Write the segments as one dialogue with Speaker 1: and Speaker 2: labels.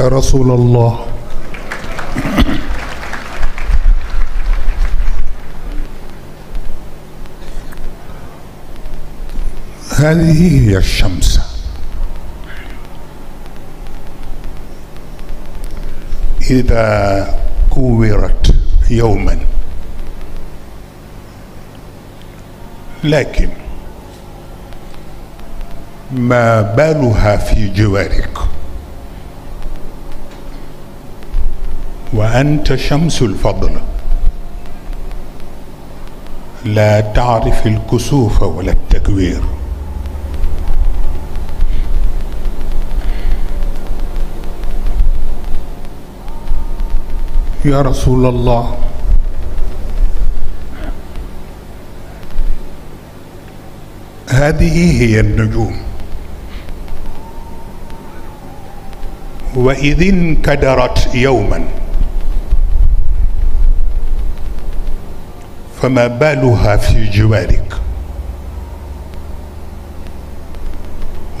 Speaker 1: يا رسول الله هذه هي الشمس إذا كورت يوما لكن ما بالها في جوارك وأنت شمس الفضل لا تعرف الكسوف ولا التكوير يا رسول الله هذه هي النجوم وإذ انكدرت يوماً فما بالها في جوارك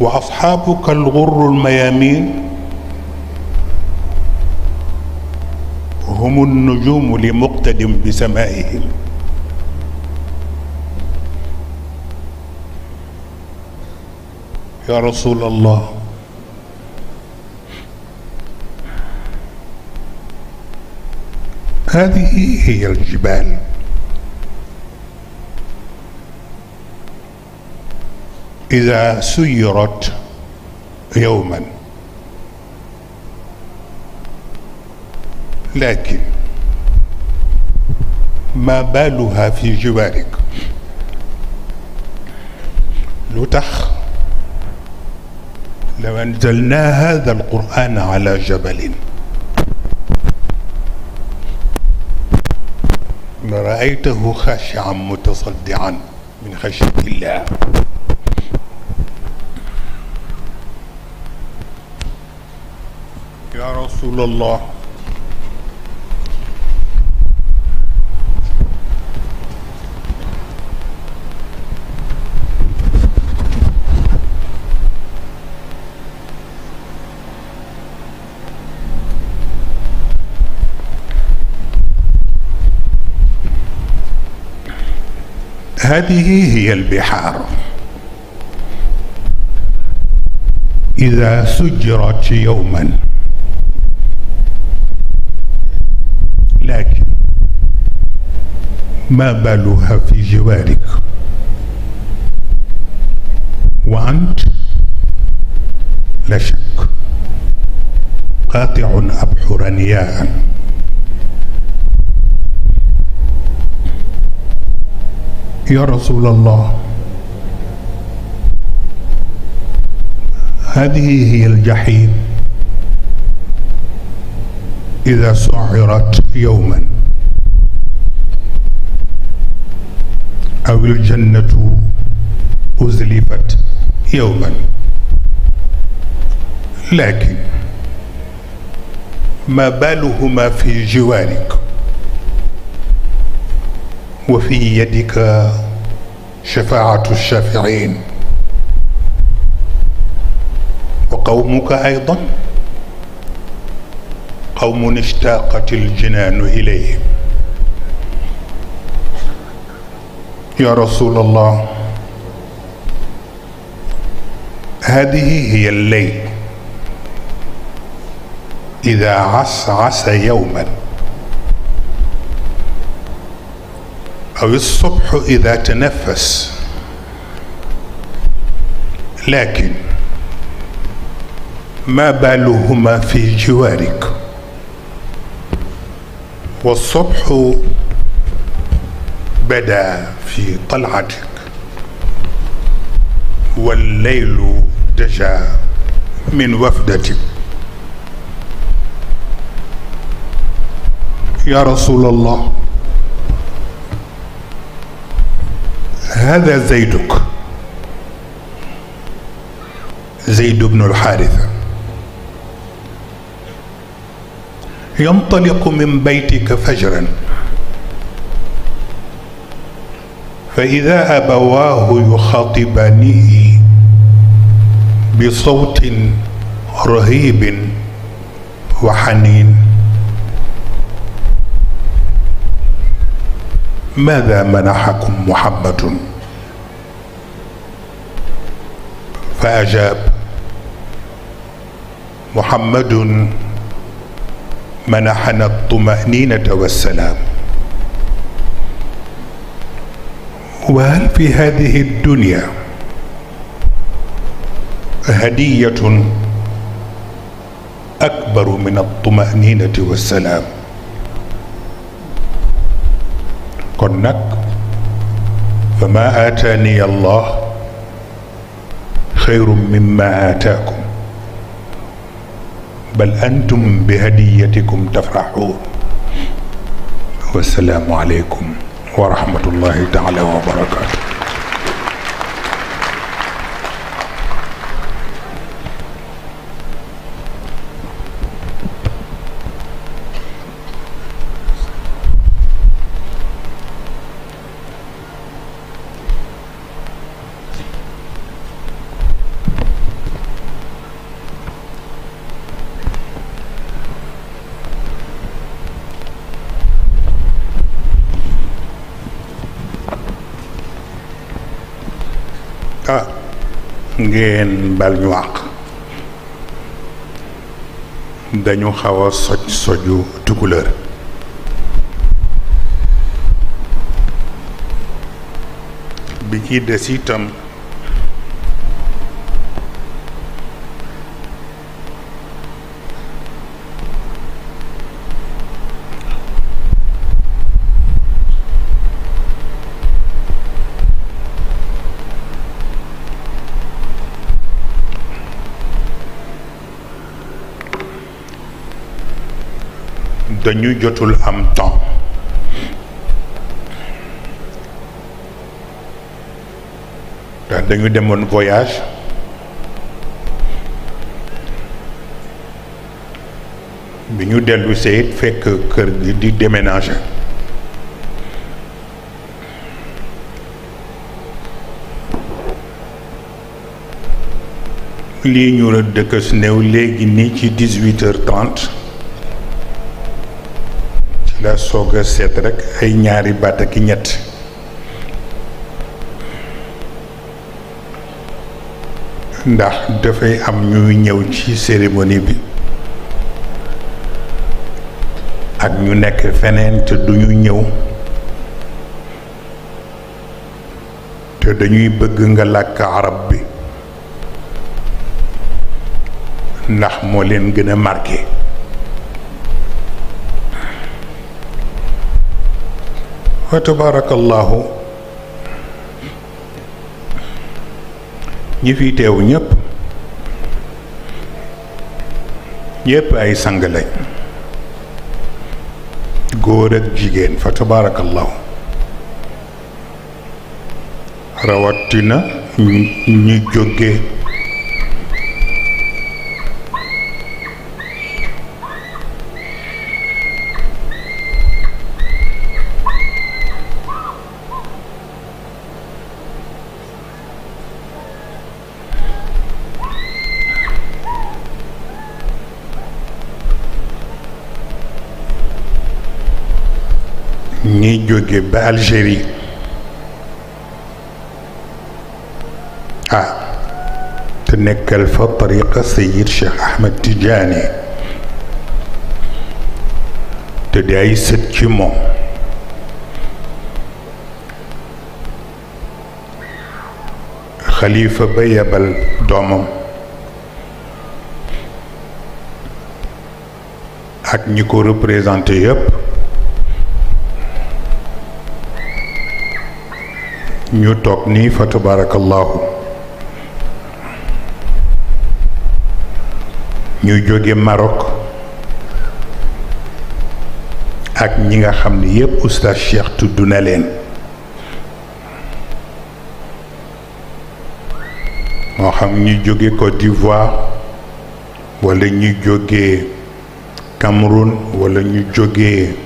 Speaker 1: وأصحابك الغر الميامين هم النجوم لمقتد بسمائهم يا رسول الله هذه هي الجبال إذا سيرت يوما لكن ما بالها في جوارك لتخ لو أنزلنا هذا القرآن على جبل لرأيته خاشعا متصدعا من خشية الله يا رسول الله هذه هي البحار إذا سجرت يوماً هناك ما بالها في جوارك وأنت لا شك قاطع أبحر نياها يا رسول الله هذه هي الجحيم إذا سعرت يوما أو الجنة أزلفت يوما لكن ما بالهما في جوارك وفي يدك شفاعة الشافعين وقومك أيضاً قوم اشتاقت الجنان إليهم يا رسول الله هذه هي الليل إذا عسعس يوما أو الصبح إذا تنفس لكن ما بالهما في جوارك والصبح بدا في طلعتك والليل دجا من وفدتك يا رسول الله هذا زيدك زيد بن الحارثه ينطلق من بيتك فجرا فإذا أبواه يخاطبانه بصوت رهيب وحنين ماذا منحكم محمد فأجاب محمد منحنا الطمأنينة والسلام وهل في هذه الدنيا هدية أكبر من الطمأنينة والسلام kon فما آتاني الله خير مما آتاكم بل أنتم بهديتكم تفرحون والسلام عليكم ورحمة الله تعالى وبركاته ngeen bal ñu àq dañu xawa soj soju tukulër bi ci des itam dañu jotul am temps ndax dañu demoon voyage bi ñu dellu seet fekk kër gi di déménager lii ñu rëdd dëkk néew léegi nii ci dix-huit heures trente nga soog a seet rekk ay ñaari baat ñett ndax dafay am ñuy ñëw ci cérémonie bi ak ñu nekk feneen te duñu ñëw te dañuy bëgg nga làkk arab bi ndax moo leen gëna a wa tabaarakallaahu ñi fi teew ñépp ñépp ay sang lañ góor ak jigéen fa tabaarakallaahu rawatina ñu jóge جوجي با الجيري اه تنكل فطريق السيد شيخ احمد تجاني تداي ست كيمو خليفة بيبل دومم اك نيكو ريبريزنتي يب ñu toog nii fa tabaarakallaahu ñu jóge marok ak ñi nga xam ni yépp oustaz tudd na leen moo xam ñu jóge Côte d'Ivoire wala ñu jóge Cameroun walla ñuy jóge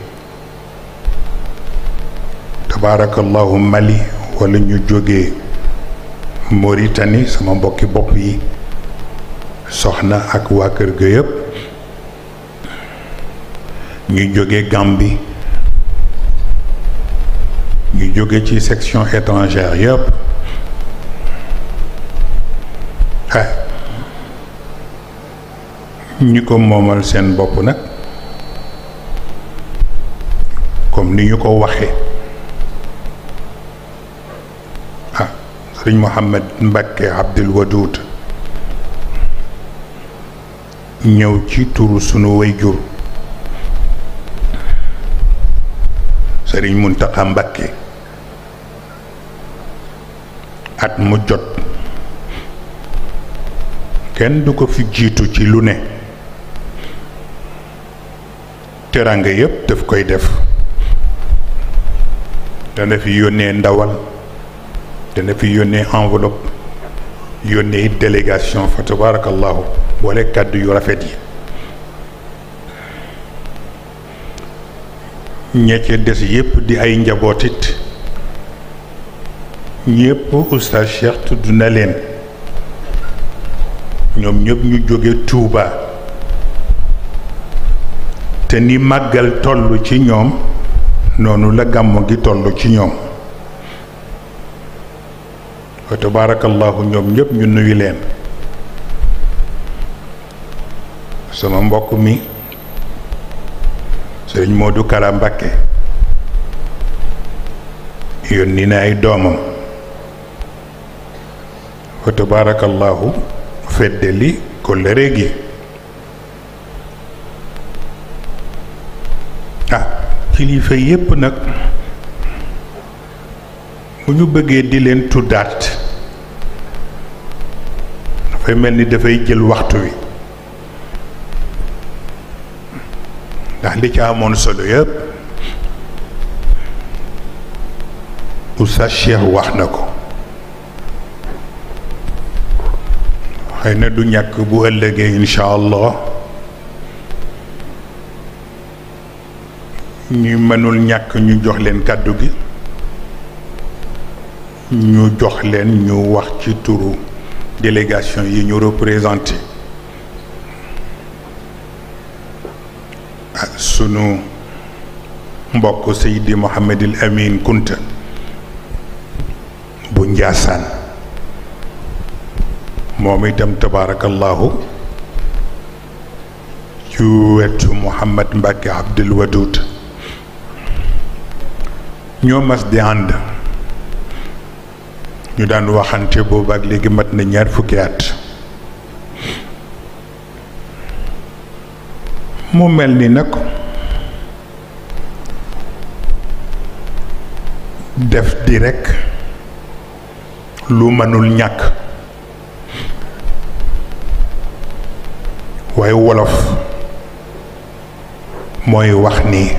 Speaker 1: tabaarakallaahu Mali avons ñu joggé Mauritanie sama mbokki bop yi soxna ak avons kër ga ñu Gambie ñu section étrangère yëpp eh, ko seen comme sëriñ Mouhamed Mbacke Abdul Wadoud ñëw ci turu sunu wayjur sëriñ Muntaxa Mbacke at mu jot kenn du ko fi jiitu ci lu ne teraanga yépp daf koy def dana fi yónnee ndawal dana fi yónnee enveloppe yónnee it délégation fa tabarakallahu boole kàddu yu rafet yi ña des yépp di ay njabootit ñépp oustaz Cheikh tudd na leen ñoom ñëpp ñu jóge Tuuba te ni màggal toll ci ñoom noonu la gàmmu gi toll ci ñoom wa tabaarakallahu ñoom ñëpp ñu nuyu leen sama mbokk mi sëriñ Modou Kara Mbacké yónni na ay doomam wa tabaarakallahu feddali kóllëre gi ah kilifa yépp nag bu ñu bëggee di leen tuddaat dafay mel ni dafay jël waxtu wi ndax li ci amoon solo yëpp Oustaz Cheikh wax na ko xëy na du ñàkk bu ëllëgee incha allah ñu mënul ñàkk ñu jox leen kàddu gi ñu jox leen ñu wax ci turu délégation yi ñu représenté ah, sunu mbokk Seydi Mouhamadil Amin Kunta bu Njaasaan moom itam tabaarakallaahu ci wetu Mouhamad Mbacke Abdul Wadoud ñoo mas di ànd ñu daan waxante ak léegi mat na ñaar fukki at mu mel ni nag def di rekk lu mënul ñàkk waaye wolof mooy wax ni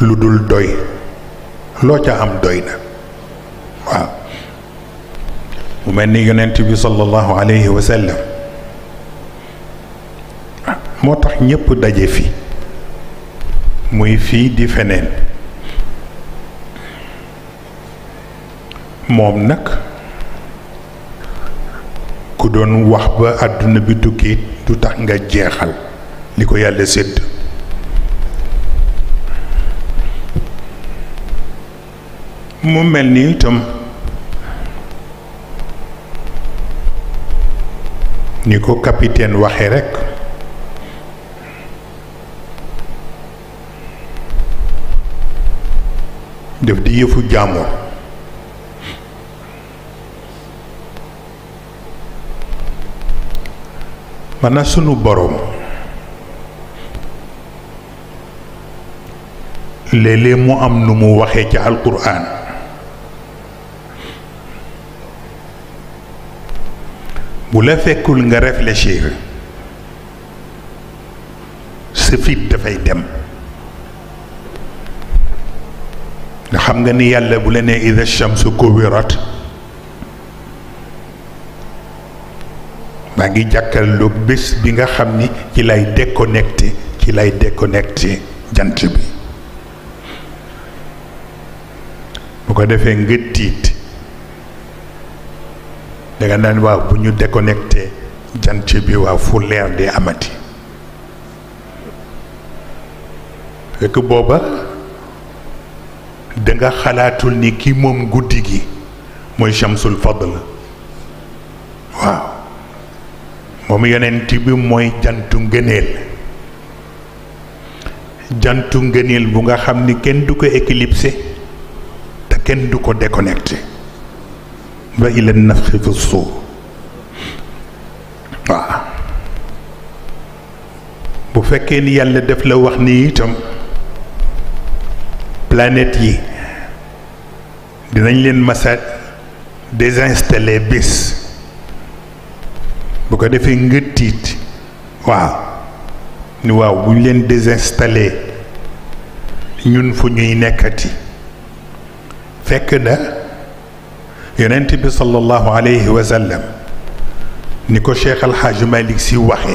Speaker 1: lu dul doy loo ca am doy na ومن يونت بي صلى الله عليه وسلم موتاخ نيب داجي في موي في دي فنن موم نك كو دون واخ با ادنا بي توكي دو تاخ nga جيهال ليكو يالا سد مو ملني تم ni ko capitaine waxe rekk def di yëfu jàmmoor man na sunu boroom léeg-léeg mu am nu mu waxee ca alquran bu la fekkul nga réfléchir sa fit da fay dem da xam nga ni yàlla bu la nee ida shamsu kuwirat maa ngi lu bés bi nga xam ni ci lay déconnecté ci lay déconnecté jant bi bu ko defé nga danga naan waaw bu ñu déconnecté jant bi waaw fu leer di amati fekk booba danga xalaatul ni ki moom guddi gi mooy Shamsul Fadl waaw moom yonent bi mooy jantu ngëneel jantu ngëneel bu nga xam ni kenn du ko éclipsé te kenn du ko déconnecté ba ila nafxi fi suuf waaw bu fekkee ni yàlla def la wax ni itam planète yi dinañ leen massa désinstaller bis bu ko defee nga tiit waaw ni waaw bu ñu leen désinstaller ñun fu ñuy nekkati fekk na yonent bi sallallahu alayhi wa sallam ni ko cheikh alxaaju malik si waxe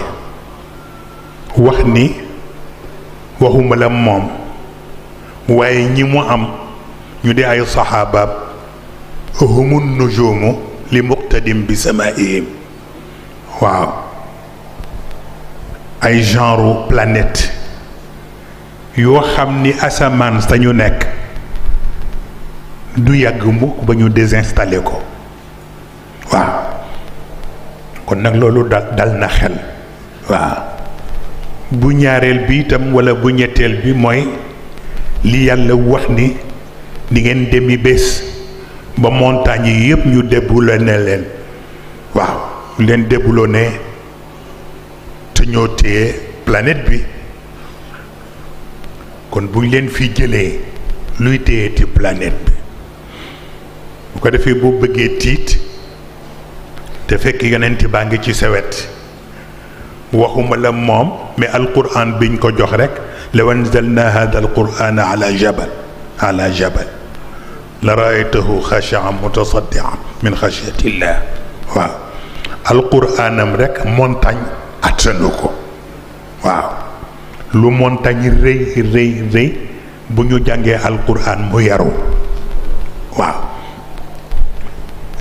Speaker 1: wax ni waxuma la moom waaye ñi mu am ñu di ay saxaabaab humu nujuumu li muqtadim bi samaihim waaw ay genre planète yoo xam ni asamaan sañu nekk du yàgg mukk ba ñu désinstallé ko waaw kon nag loolu dal dal na xel waaw bu ñaareel bi itam walla bu ñetteel bi mooy li yàlla wax ni di ngeen demi bés ba montagne yi yëpp ñu déboulonné ne leen waaw ñu leen déboulonné ne te ñoo téye planète bi kon bu ñu leen fi jëlee luy téye ti planète ko defé bo bëggé tiit te fekk yonenti baa ngi ci sawet waxuma la mom mais alquran biñ ko jox rek law anzalna hada alquran ala jabal ala jabal la raaytahu xashaan mutasaddian min xashatillah waaw alquranam rek montagne attanu ko waaw lu montagne rëy rëy rëy bu ñu jàngee alquran mu yaru waaw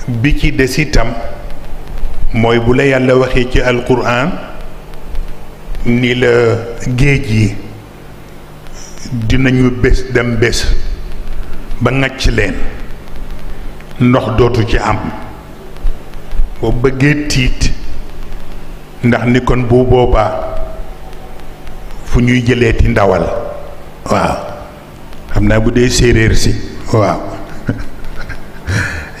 Speaker 1: bi ci des itam mooy bu la yàlla waxee ci alquran ni la géej yi dinañu bés dem bés ba ngàcc leen ndox dootu ci am boo bëggee tiit ndax ni kon bu boobaa fu ñuy jëlee ti ndawal waaw xam naa bu dee séeréer si waaw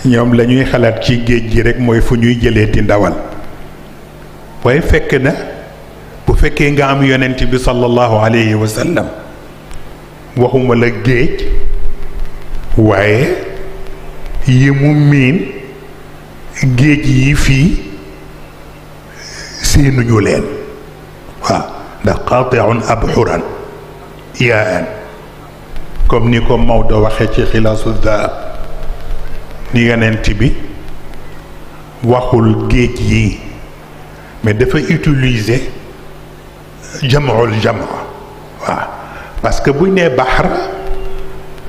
Speaker 1: ñom lañuy ñuy xalaat ci géej gi rek moy fu ñuy jëlé ti ndawal way fekk na bu fekke nga am yonent bi sallallahu alayhi wa sallam waxuma la géej waye yi min géej yi fi seenu ñu leen wa da qati'un abhuran ya an comme ni ko mawdo waxe ci xilaasu zahab yonent bi waxul géej yi mais dafa utiliser jam'ul jam' waaw parce que buñ nee baxar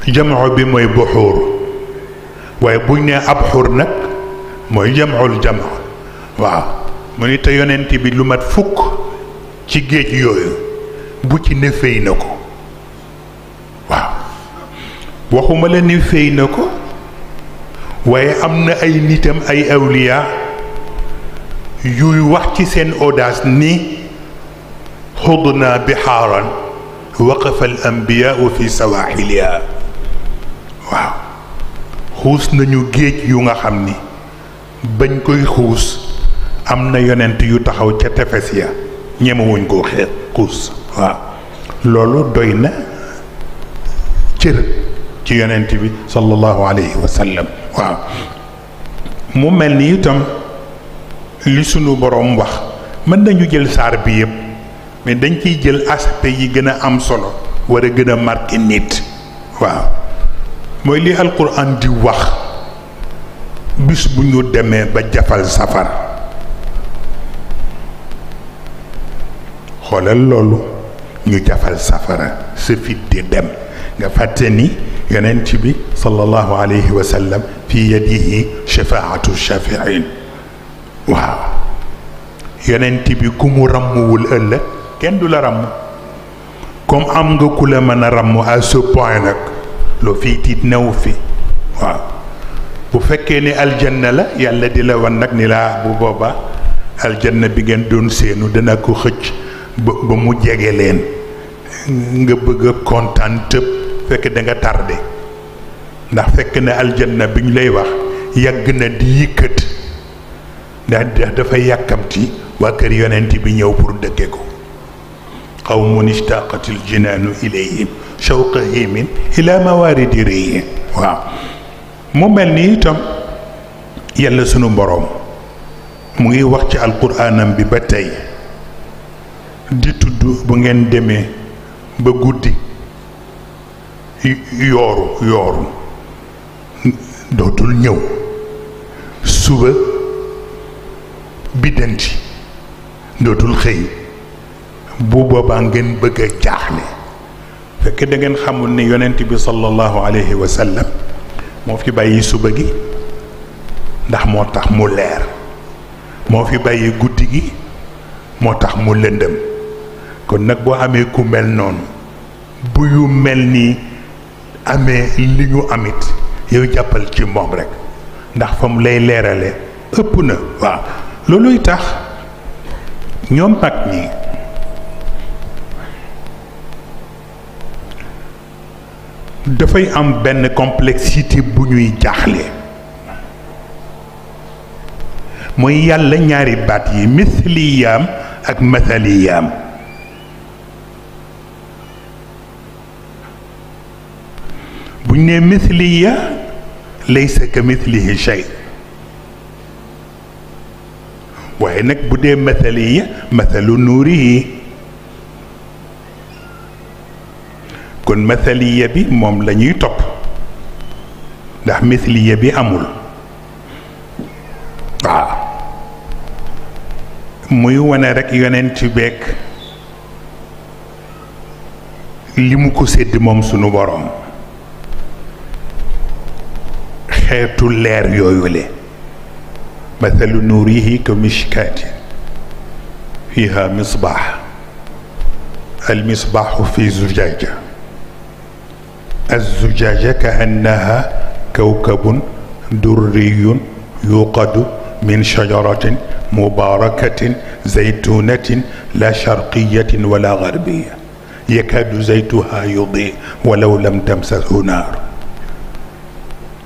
Speaker 1: jam'u bi mooy buxuur waaye buñ nee abxur nag mooy jam'ul jam' waaw mu ni te yonent bi lu mat fukk ci géej yooyu bu ci ne fay na ko waaw waxuma la ni fay na ko waaye am na ay nitam ay awliya yuy wax ci seen audace ni xudna bi waqafa al ambiyaau fi sawaxiliha waaw xuus nañu géej yu nga xam ni bañ koy xuus am na yonent yu taxaw ca tefes ya ñemewuñ koo xeet xuus waaw loolu doy na cër تيانتبي صلى الله عليه وسلم ممل نيتم لسنو بروم وخ من دانيو جيل سار بييب مي دانكي جيل اسبي يي غنا ام سولو ورا غنا مارك نيت واو موي لي القران دي وخ بيس بو نيو ديمي با جافال سفر خولال لولو نيو جافال سفر سفيت دي ديم فاتني يننتبي صلى الله عليه وسلم في يده شفاعة الشافعين واو ينتبي كم رمو الألة كن دول رمو كم أمغ كل من رمو أسو بوينك لو في تتنو في واو بو فكيني الجنة لا يالا دي ونك نلا بو بابا الجنة بيجن دون سينو دنا كو خج بمو جيغلين نغبغ كونتان تب fekk danga nga ndax fekk na aljanna bi ñu lay wax yàgg na di yëkkat ndax dafay yàkkamti waa kër yonent bi ñëw pour dëkke ko qawmun ishtaqatil jinaanu ilayhim shawqahimin ila mawaridi réyi waaw mu mel ni itam yàlla sunu boroom mu ngi wax ci alquraanam bi ba tey di tudd bu ngeen demee ba guddi yooru yooru dootul ñëw suba biddanti dootul xëy bu boobaa ngeen bëgg a jaaxle fekk da ngeen xamul ni yonent bi sallallahu alayhi wa moo fi bàyyi suba gi ndax moo tax mu leer moo fi bàyyi guddi gi moo tax mu lëndëm kon nag boo amee ku mel noonu bu yu mel nii amé liñu amit yow jàppal ci mom rek ndax fam lay léralé ëpp na wa loluy tax ñom pak ñi da fay am ben complexité bu ñuy jaxlé moy yàlla ñaari baat yi misliyaam ak mathaliyam بني مثلي ليس كمثله شيء وعينك بني مثلي مثل نوره كن مثلي بي موم لاني توب دا مثلي بي امول آه. موي وانا رك يوننتي بك limu ko sedd mom sunu borom xeetu leer yooyu le mathalu nuurihi ka mishkaatin fiha misbaax al fi zujaaja الزجاجة كأنها كوكب دري يوقد من شجرة مباركة زيتونة لا شرقية ولا غربية يكاد زيتها يضيء ولو لم تمسسه نار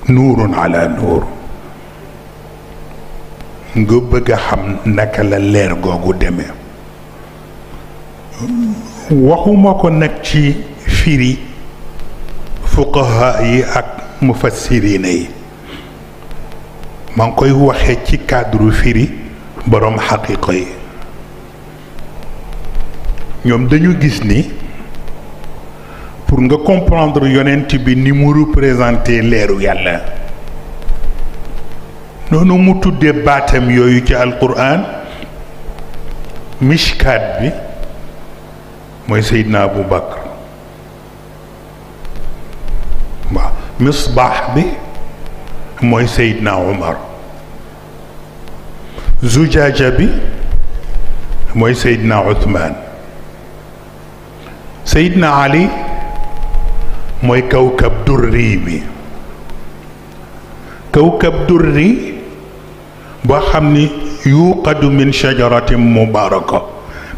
Speaker 1: nuurun ala nuur nga bëgg a xam naka la leer googu demee waxuma ko nag ci firi fuqaha yi ak mufassirina yi maa koy waxee ci cadre firi boroom xaqiqa yi ñoom dañu gis ni pour nga comprendre yonent bi ni mu représenté leeru yàlla noonu mu tuddee baatam yooyu ci alquran mishkaat bi mooy Seydina Abu Bakr waaw misbaax bi mooy Seydina Omar zujaaja bi mooy Seydina Othman Seydina Ali mooy kawkab durri bi kawkab durri boo xam ni yuuqadu min shajaratin mubaraka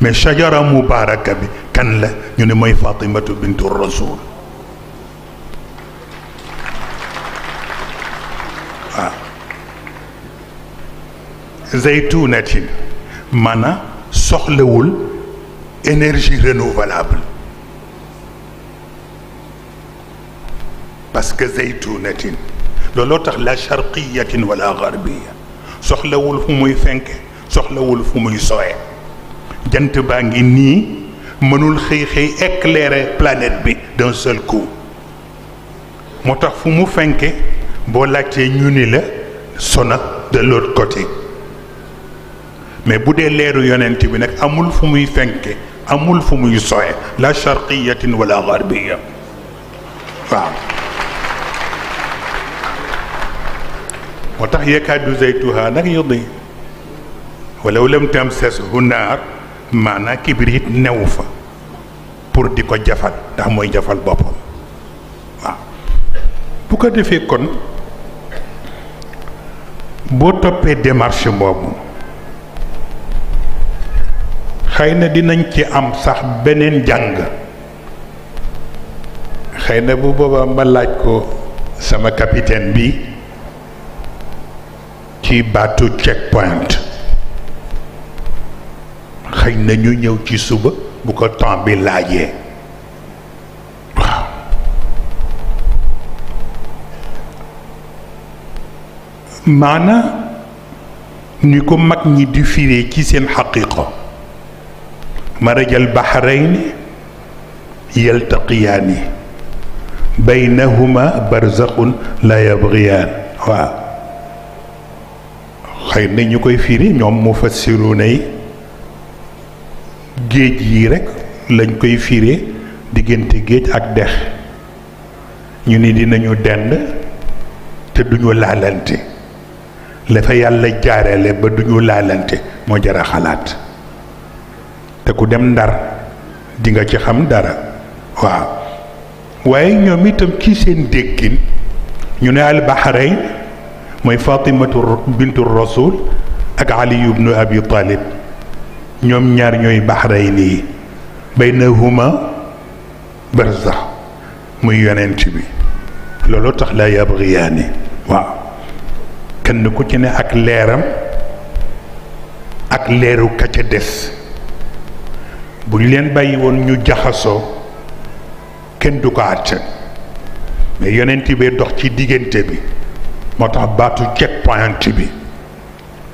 Speaker 1: mais shajara mubaraka bi kan la ñu ne mooy fatimatu bintu rasul waaw zaytunatin maanaam soxlawul énergie renouvelable parce que zaytunatin looloo tax la charqiyatin wala garbiya soxlawul fu muy fenke soxlawul fu muy sowe jant baa ngi nii xëy xëy éclairer planète bi d'un seul coup moo tax fu mu fenke boo laajtee ñu la sona de l'autre côté mais bu dee leeru yonent bi nag amul fu fenke amul fu muy la charqiyatin wala garbiya waaw moo tax yakaadu zaytuha nag yudi walaw lam tamsashu naar maanaa kibrit newu fa pour di ko jafal ndax mooy jafal boppam waaw bu ko defee kon boo toppee démarche boobu xëy na dinañ ci am sax beneen jàng xëy na bu boobaa ma laaj ko sama capitaine bi ci baatu checkpoint xëy na ñu ñëw ci suba bu ko temps bi laajee waaw ni ko mag ñi di firé ci seen haqiqa marajal bahrain yaltaqiyani baynahuma barzaxun la yabgiyaan waaw xay na ñu koy firi ñoom mu fassiru nay géej yi rekk lañ koy firee diggante géej ak dex ñu ni dinañu dend te duñu laalante la yàlla jaarale ba duñu laalante moo jara xalaat te ku dem ndar di nga ci xam dara waaw waaye ñoom itam ci seen déggin ñu ne albaxarayn mooy fatimatu bintu rasul ak aliyu bnu abi talib ñoom ñaar ñooy baxrayni yi baynahuma barzax muy yonent bi looloo tax laa yabgiyaani waaw kenn ku ci ne ak leeram ak leeru ka ca des bu ñu leen bàyyi woon ñu jaxasoo kenn du ko àtte mais yonent bee dox ci diggante bi moo tax baatu check point bi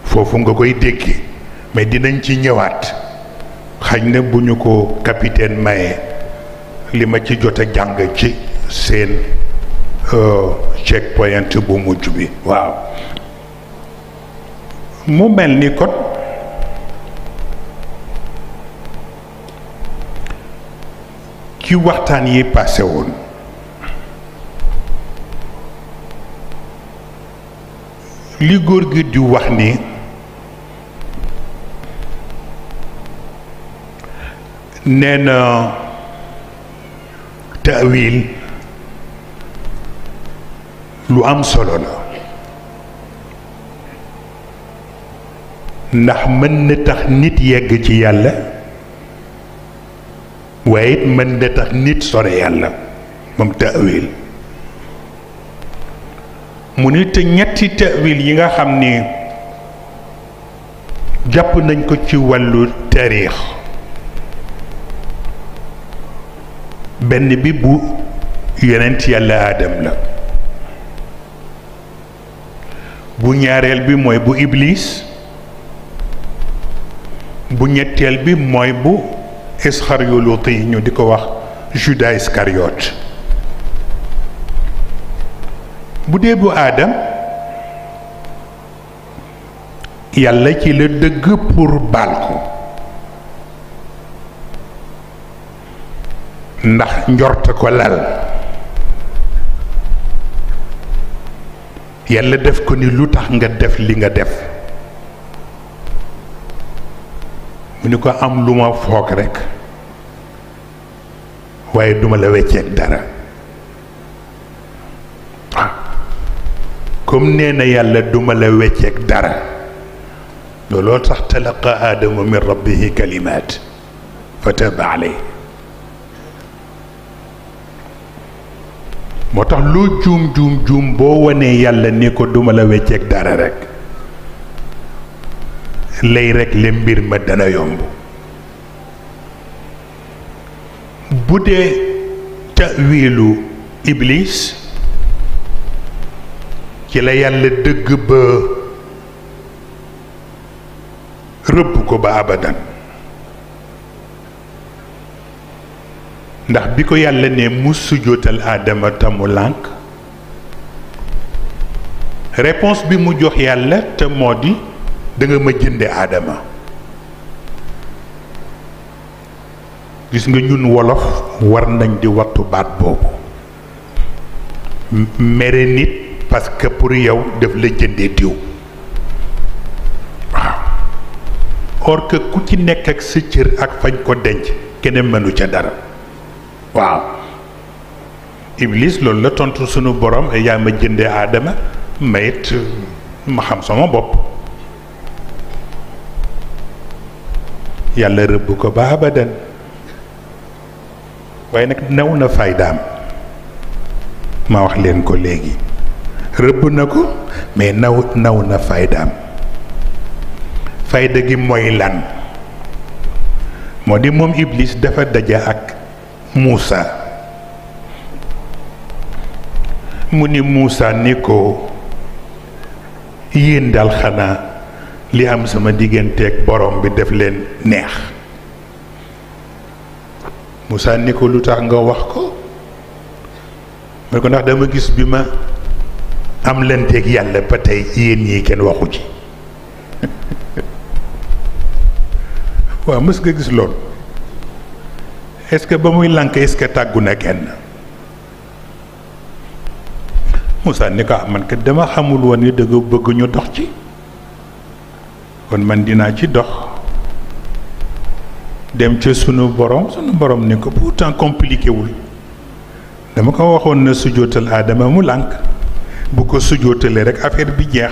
Speaker 1: foofu nga koy déggee mais dinañ ci ñëwaat xañ na bu ñu ko capitaine maye li ma ci jote jàng ci seen euh, check point bu mujj bi waaw mu mel ni kon ci waxtaan yi passé woon li góor gi di wax ni nee na taawil lu am solo la ndax mën na tax nit yegg ci yàlla waaye it mën na tax nit sore yàlla moom taawil mu ni te ñetti tawil yi nga xam ni jàpp nañ ko ci wàllu taarix benn bi bu yonent yàlla aadam la bu ñaareel bi mooy bu iblis bu ñetteel bi mooy bu iskariyot yi ñu di ko wax Judas Iscariote bu dee bu aadam yàlla ci la dëgg pour baal ko ndax njort ko lal yàlla def ko ni lu tax nga def li nga def mu ni ko am lu ma foog rekk waaye duma la wecceeg dara comme nee na yàlla duma la wecceeg dara looloo tax talaqa aadama min rabbihi kalimaat fa taba aley moo tax loo juum juum juum boo wanee yàlla ni ko duma la wecceeg dara rek lay rek le mbir ma dana yomb bu dee tawilu iblis ci la yàlla dëgg ba rëbb ko ba abadan ndax bi ko yàlla ne mu sujjóotal aadama te mu lànk bi mu jox yàlla te moo di danga ma jënde aadama gis nga ñun wolof war nañ di wattu baat boobu mere nit parce que pour yow daf la jëndee diw waaw or que ku ci nekk ak sa cër ak fañ ko denc keneen mënu ca dara waaw Iblis loolu la tontu sunu borom eh, yaa ma jëndee aadama mayit ma xam sama bopp yàlla rëbb ko ba abadan waaye nag new na faydaam ma wax leen ko léegi rëbb na mais naw naw na faydaam fayda gi moy lan modi mom iblis dafa dajja ak musa muni musa niko ni ko li am sama ak borom bi def len neex musa niko lutax nga wax ko ndax dama gis bima. am lanteeg yàlla ba tey yéen ñii kenn waxu ci waaw mës nga gis loolu est-ce que ba muy lànk est-ce que tàggu na kenn Moussa ni ko man kat dama xamul woon ni dëgg bëgg ñu dox ci kon man dinaa ci dox dem ca sunu borom sunu borom ni ko pourtant compliqué wul dama ko waxoon na sujootal aadama mu lànk bu ko sujootalee rek affaire bi jeex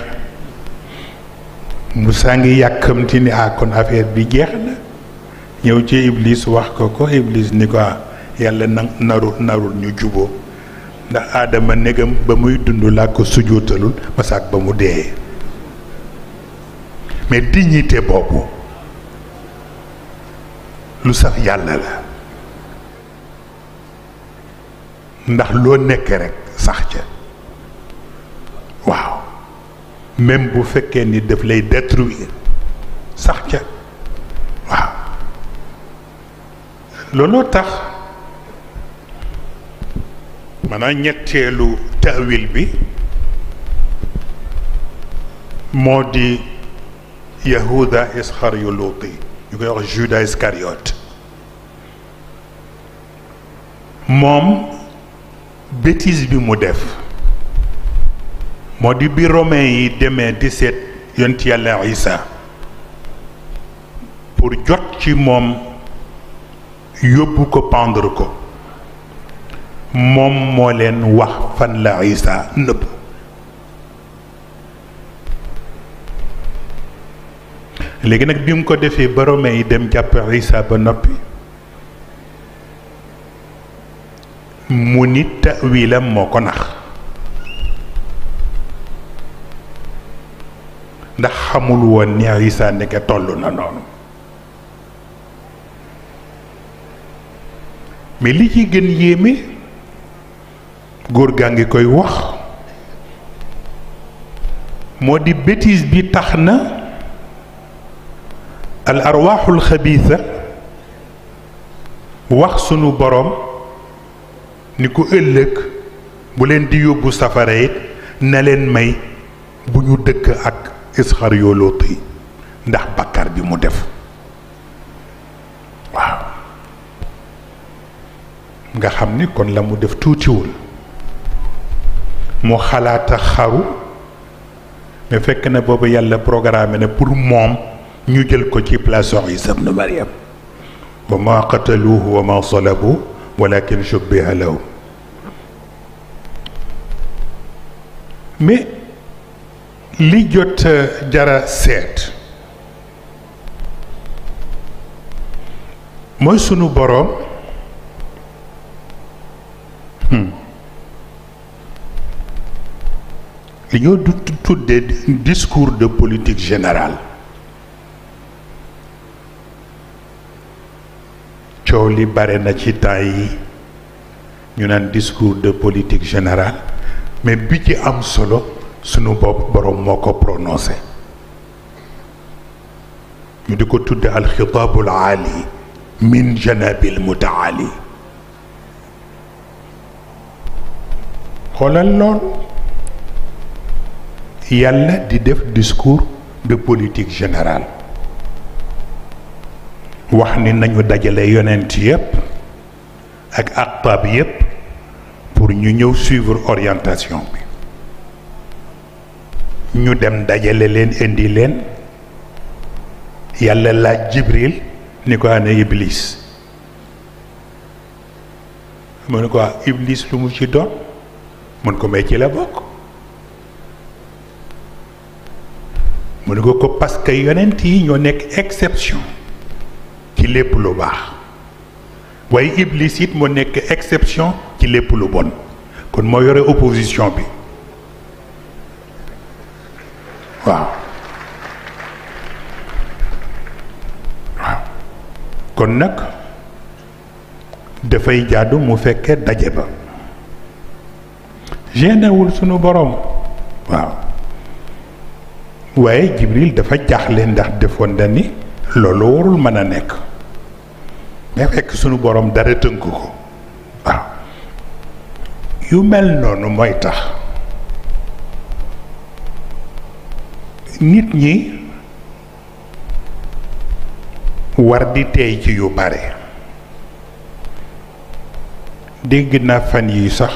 Speaker 1: Moussa ngi yàkkamti ni ah kon affaire bi jeex na ñëw ci Iblis wax ko ko Iblis ni ko ah, yàlla na narul narul ñu juboo ndax aadama négam ba muy dund laa ko sujootalul masaak ba mu dee mais dignité boobu lu saf yàlla la ndax loo nekk rekk sax ca même pour fekkee ni daf lay détruire sax ca waaw tu tax maanaam tu taawil bi Modi, di Yahuda Iskariyoti ñu koy wax Judas Iscariote Mom, bêtise bi mu def moo di bi romain yi demee di seet ci yàlla Isa pour jot ci moom yóbbu ko pendre ko moom moo leen wax fan la Isa nëbb léegi nag bi mu ko defee ba romain yi dem jàpp Isa ba noppi mu ni tawilam moo ko nax ndax xamul woon ni Isa ndeke toll na noonu mais li ci gën yéeme góor gaa ngi koy wax moo di bêtise bi tax na al arwaaxul xabiisa wax sunu borom ni ko ëllëg bu leen di yóbbu safara it na leen may bu ñu dëkk ak isxar yooloot yi ndax bàkkaar bi mu def waaw nga xam ni kon la mu def tuutiwul mu xalaata xaru mais fekk na boobu yàlla programme na pour moom ñu jël ko ci place Isa ibn Maryam wa ma qataluuhu wa walakin shubbiha lahum mais li jot eh, jara set moy sunu boroom hmm, li ñoo du tuddee discours de politique générale coow li bare na ci tay yi ñu naan discours de politique générale mais bi ci am solo sunu bopp borom moo ko prononcé ñu di ko tudd alxitaabul aali min janabil mutaali xoolal lool yàlla di def discours de politique générale wax ni nañu dajale yonent yépp ak aqtaab yépp pour ñu ñëw suivre orientation bi ñu dem dajale leen indi leen yàlla laaj jibril ni ko iblis ah, iblis lu mu ci ko la ko parce que yonent yi exception ci lépp lu baax iblis it exception lu bon kon opposition waaw kon nag dafay jaadu mu fekkee daje ba génnewul sunu boroom waaw waaye Jibril dafa jaaxle ndax defoon na ni loolu warul mën a nekk mais fekk sunu boroom dara tënk ko waaw yu mel noonu mooy tax nit ñi war di tey ci yu bare dégg na fan yi sax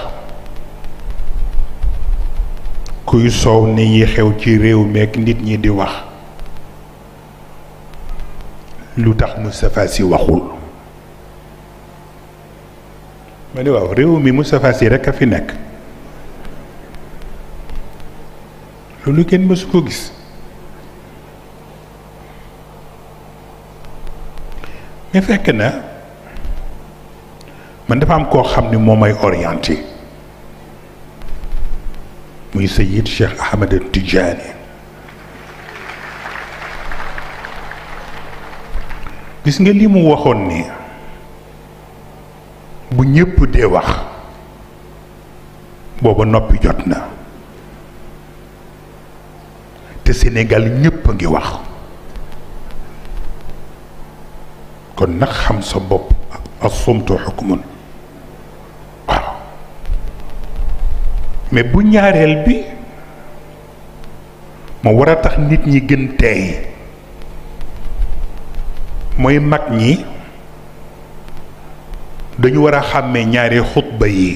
Speaker 1: kuy soow ni yi xew ci réew meek nit ñi di wax lu tax Moustapha Sy waxul ma ne waaw réew mi Moustapha Sy rekk a fi nekk loolu kenn mësu ko gis mais fekk na man dafa am koo xam ni moo may orienté muy Seyid Cheikh Ahmed Tidiane gis nga li mu waxoon ni bu ñëpp dee wax booba noppi jot na te Sénégal ñëpp a ngi wax kon nag xam sa bopp asumtu xukmun waaw mais bu ñaareel bi mu war a tax nit ñi gën teey mooy mag ñi dañu war a ñaari xutba yi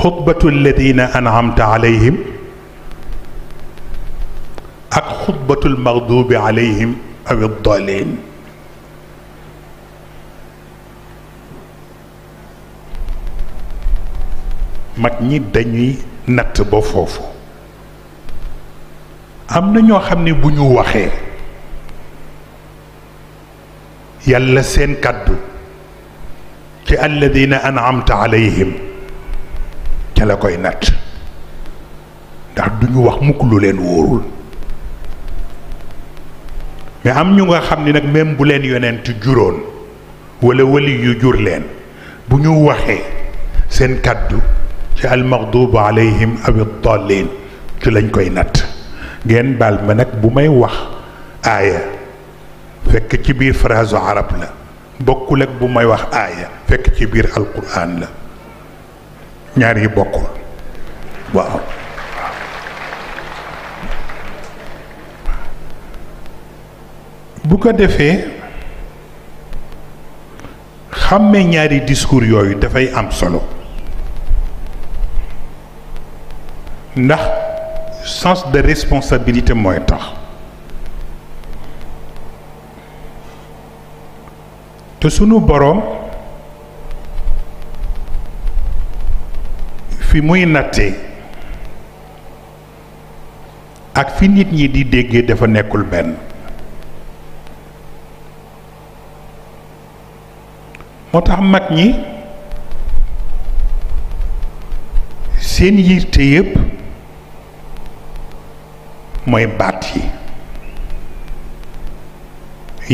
Speaker 1: xutbatu alladina anamta alayhim ak xutbatul maxdubi alayhim أو الضالين مكني دنيي نت بوفوفو أم نيو خمني بنيو وخي يلا سين كدو كي الذين أنعمت عليهم كلا كوي نت دا دنيو وخ مكلو لين وورول mais am ñu nga xamni nak même bu len yonent juróon wala wali yu jur len bu ñu waxe sen kàddu ci al maghdub alayhim aw awi dallin ci lañ koy nat gën bal ma nak bu may wax aya fekk ci bir phrase arab la bokkul ak bu may wax aya fekk ci bir al-quran la ñaar yi bokkul waaw bu ko defee xàmmee ñaari discours yooyu dafay am solo ndax sens de responsabilité mooy tax te sunu borom fi muy nattee ak fi nit ñi di déggee dafa nekkul benn moo tax mag ñi seen yitte yépp mooy baat yi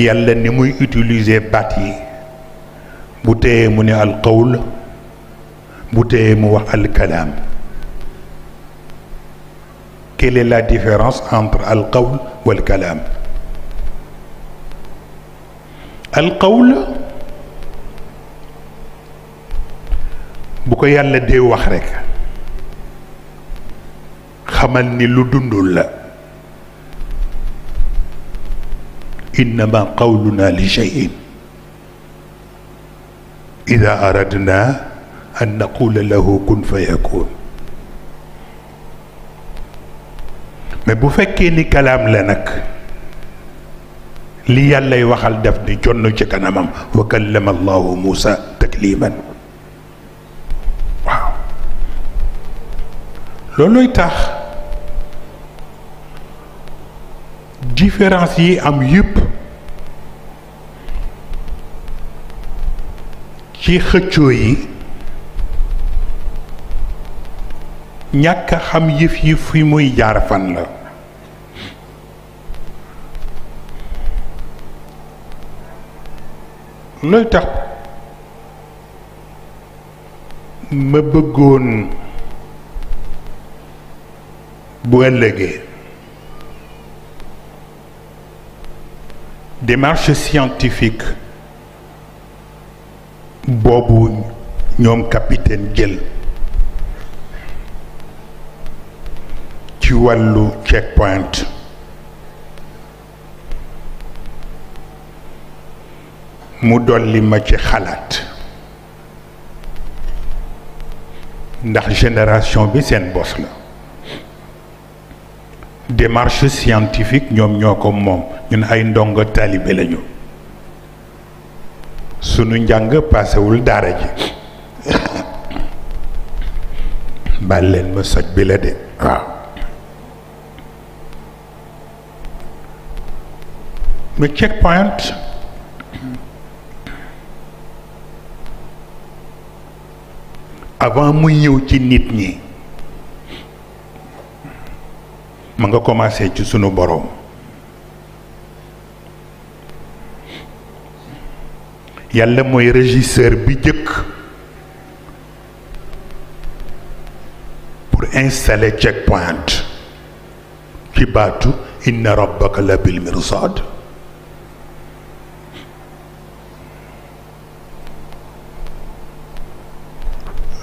Speaker 1: yàlla ni muy utiliser baat yi bu téyee mu ne alqawl bu téyee mu wax alkalaam quelle est la différence entre alqawl wal kalaam alqawl bu ko yàlla dee wax rekk xamal ni lu dundul la innama qawluna li shay'in ida aradna an naqula lahu kun fayakun yakun mais bu fekkee ni kalaam la nag li yàllay waxal def ni jonn ci kanamam wa kallama allahu muusa takliman loolooy tax différence yi am yëpp ci xëccoo yi ñàkk a xam yëf yi fi muy jaar fan la looy tax ma bëggoon bu démarche scientifique bobo n'om capitaine Gel. vois le checkpoint mu Mathieu ma la génération bi seen démarche scientifique ñoom ñoo ko moom ñun ay ndongo taalibe lañu sunu njàng paasewul daara ji baal leen ma soj bi la de waaw le checkpoint avant mu ñëw ci nit ñi ma nga commencé ci sunu borom yàlla moy régisseur bi jëk pour installer checkpoint ci batu inna rabbaka la bil mirsad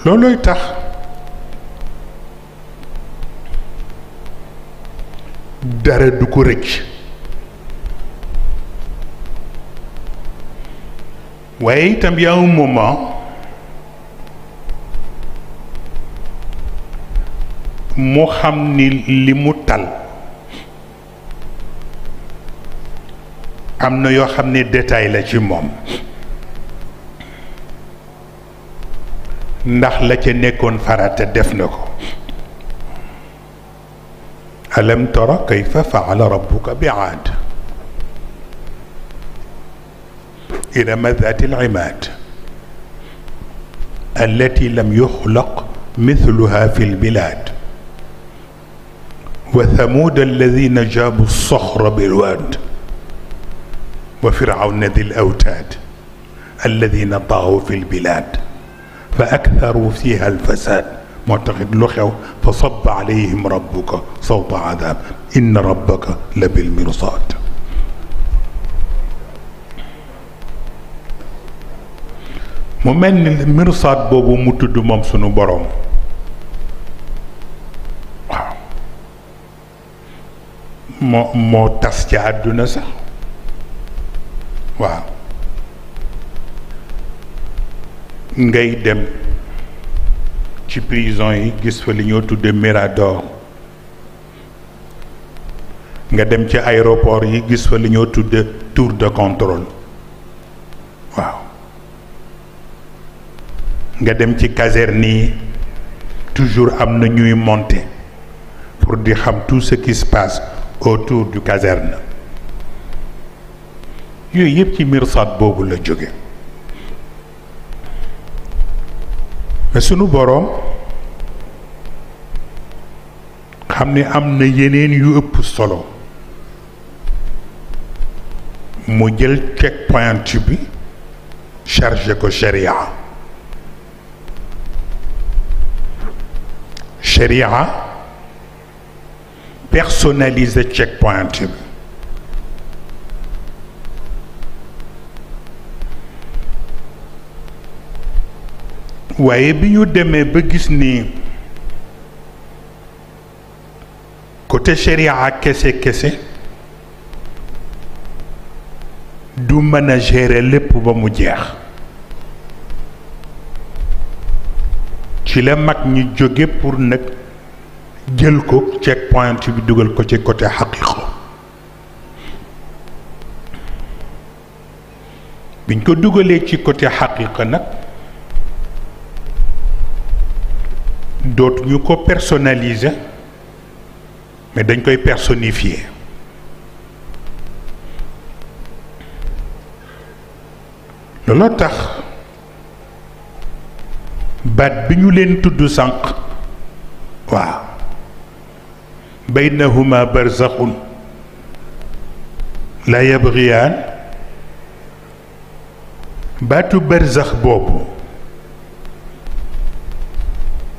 Speaker 1: loolooy tax dara du ko rëcc waaye itam y a un mu xam ni li mu tal am na yoo xam ne détail la ci moom ndax la ca nekkoon farata def na ko ألم تر كيف فعل ربك بعاد إلى مذات العماد التي لم يخلق مثلها في البلاد وثمود الذين جابوا الصخر بالواد وفرعون ذي الأوتاد الذين طغوا في البلاد فأكثروا فيها الفساد معتقد له خيو فصب عليهم ربك صوت عذاب إن ربك لبالمرصاد mu mel ni mirsaat boobu mu tudd moom sunu boroom waaw moo moo tas ci àdduna sax waaw ngay dem ci prison yi gis fa li ñoo tudde Mirador nga dem ci aéroport yi gis fa li ñoo tudde tour de contrôle waaw nga dem ci caserne yi toujours am na ñuy monter pour di xam tout ce qui se passe autour du caserne yooyu yëpp ci mirsad boobu la jóge mais sunu boroom xam ni am na yeneen yu ëpp solo mu jël teg point bi chargé ko sharia sharia personnalisé checkpoint bi waaye bi ñu demee ba gis ni côté sharia kese kese du mën a gérer lépp ba mu jeex ci la mag ñi jóge pour nag jël ko check point bi dugal ko ci côté xaqiqa biñ ko dugalee ci côté xaqiqa nag dootuñu ko personnaliser mais dañ koy personnifier looloo tax baat bi ñu leen tudd Wa waaw baynahuma barzaxun la yabgiyaan baatu berzak bobo.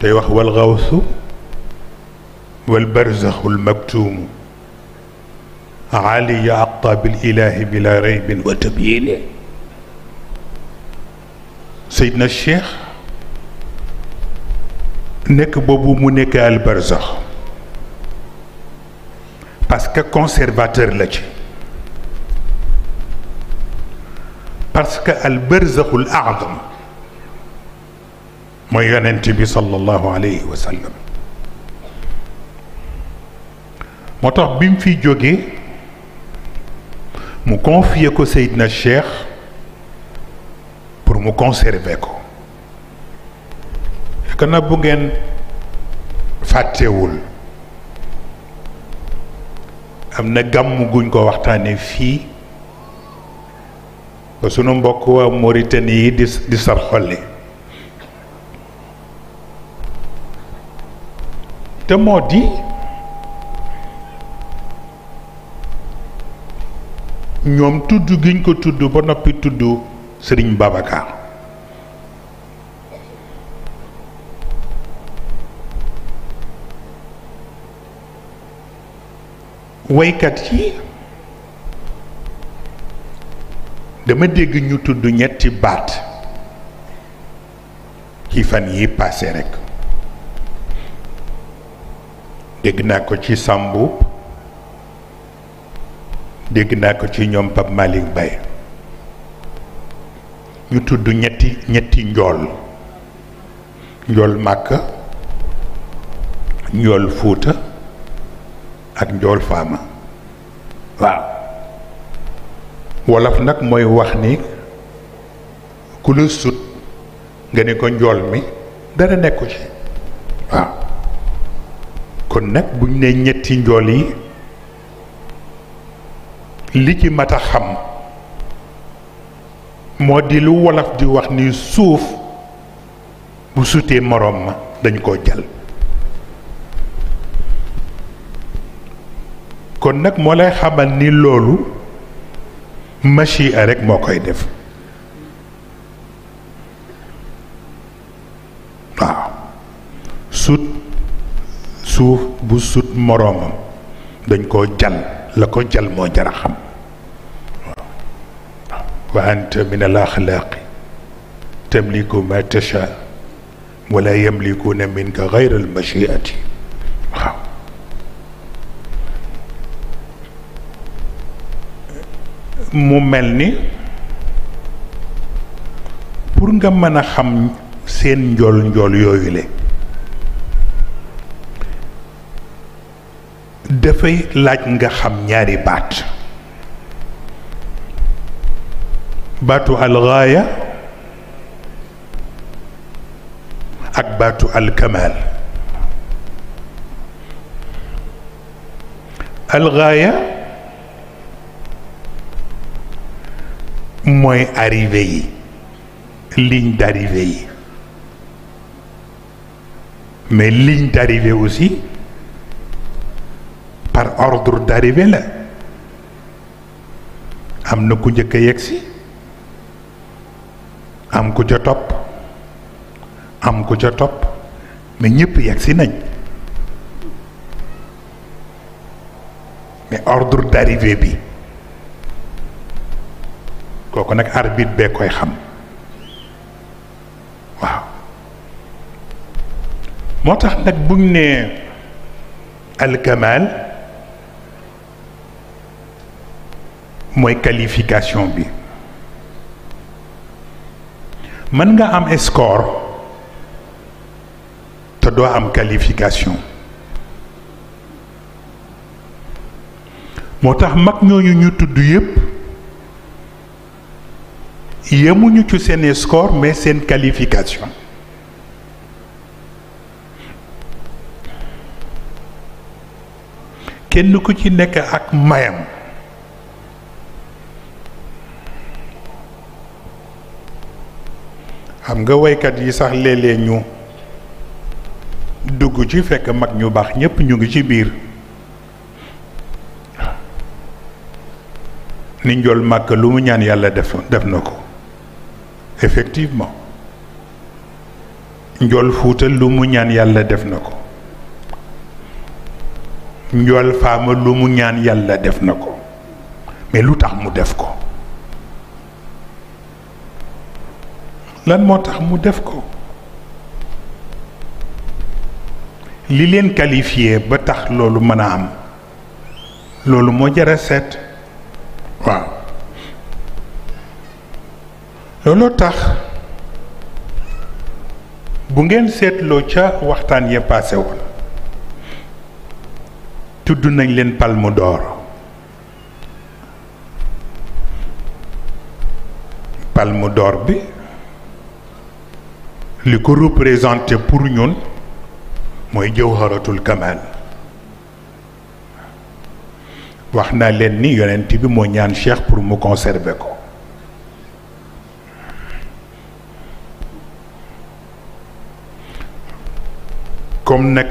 Speaker 1: تيوخ والغوث والبرزخ المكتوم علي يعطى بالإله بلا ريب وتبيينه سيدنا الشيخ نك بوبو مو نك البرزخ باسكو كونسيرفاتور لا تي باسكو البرزخ الاعظم mooy بي صلى الله عليه وسلم موتاخ بيم في جوغي مو كونفي كو سيدنا الشيخ pour mu conserver ko kana bu ngeen fàttewul amna gam gàmm guñ ko waxtane fi ba sunu mbokk wa Mauritanie di di sar sarxolli te moo di ñoom tudd giñ ko tudd ba noppi tudd Sëriñ Babacar woykat yi dama dégg ñu tudd ñetti baat ci fan yi passé rekk dégg naa ko ci Sambu nyom naa ko ci ñoom Pape Malick Baye ñu tudd ñetti ñetti njool njool Màkka njool Fuuta ak njool fama waaw wolof nag mooy wax ni ku ko mi dara nekku ci waaw kon nag buñ ne ñetti njool yi li ci mat a xam moo di lu wolof di wax ni suuf bu sutee moroom ma dañ kon lay xamal ni rek koy def sut suuf bu sut moromam dañ ko jall la ko jall mo jara xam wa anta min al akhlaq tamliku ma tasha wala yamlikuna minka gayra al machiati waaw mu mel pour nga meuna xam sen njool njool yoyule دفاي لاج نغا خام نياري بات باتو الغاية اك باتو الكمال الغاية موي اريفي لين داريفي مي لين داريفي aussi par ordre d'arrivée la am na ku njëkk a yegsi am ku ca topp am ku ca topp mais ñépp yegsi nañ mais ordre d'arrivée bi kooku nag arbitre bee koy xam waaw moo tax nag buñ ne alkamal mooy qualification bi mën nga am score te doo am qualification moo tax mag ñooñu ñu tudd yépp yemuñu ci seen score mais seen qualification kenn ku ci nekk ak mayam xam nga woykat yi sax léeg ñu dugg ci fekk mag ñu baax ñépp ñu ngi ci biir ni njool màkk lu mu ñaan yàlla def def na ko effectivement njool fuuta lu mu ñaan yàlla def na ko njool faama lu mu ñaan yàlla def na ko mais lu tax mu def ko lan moo tax mu def ko li leen qualifié ba tax loolu mën a am loolu moo jara seet waaw looloo tax bu ngeen seetloo ca waxtaan ya passé woon tudd nañ leen palme d'or palme d'or bi li ko représenté pour ñun mooy jawharatul kamal wax naa leen ni yonent bi moo ñaan cheikh pour mu conserver ko comme nag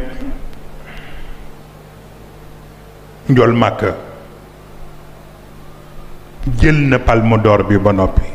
Speaker 1: njol màkk jël na palme d'or bi ba noppi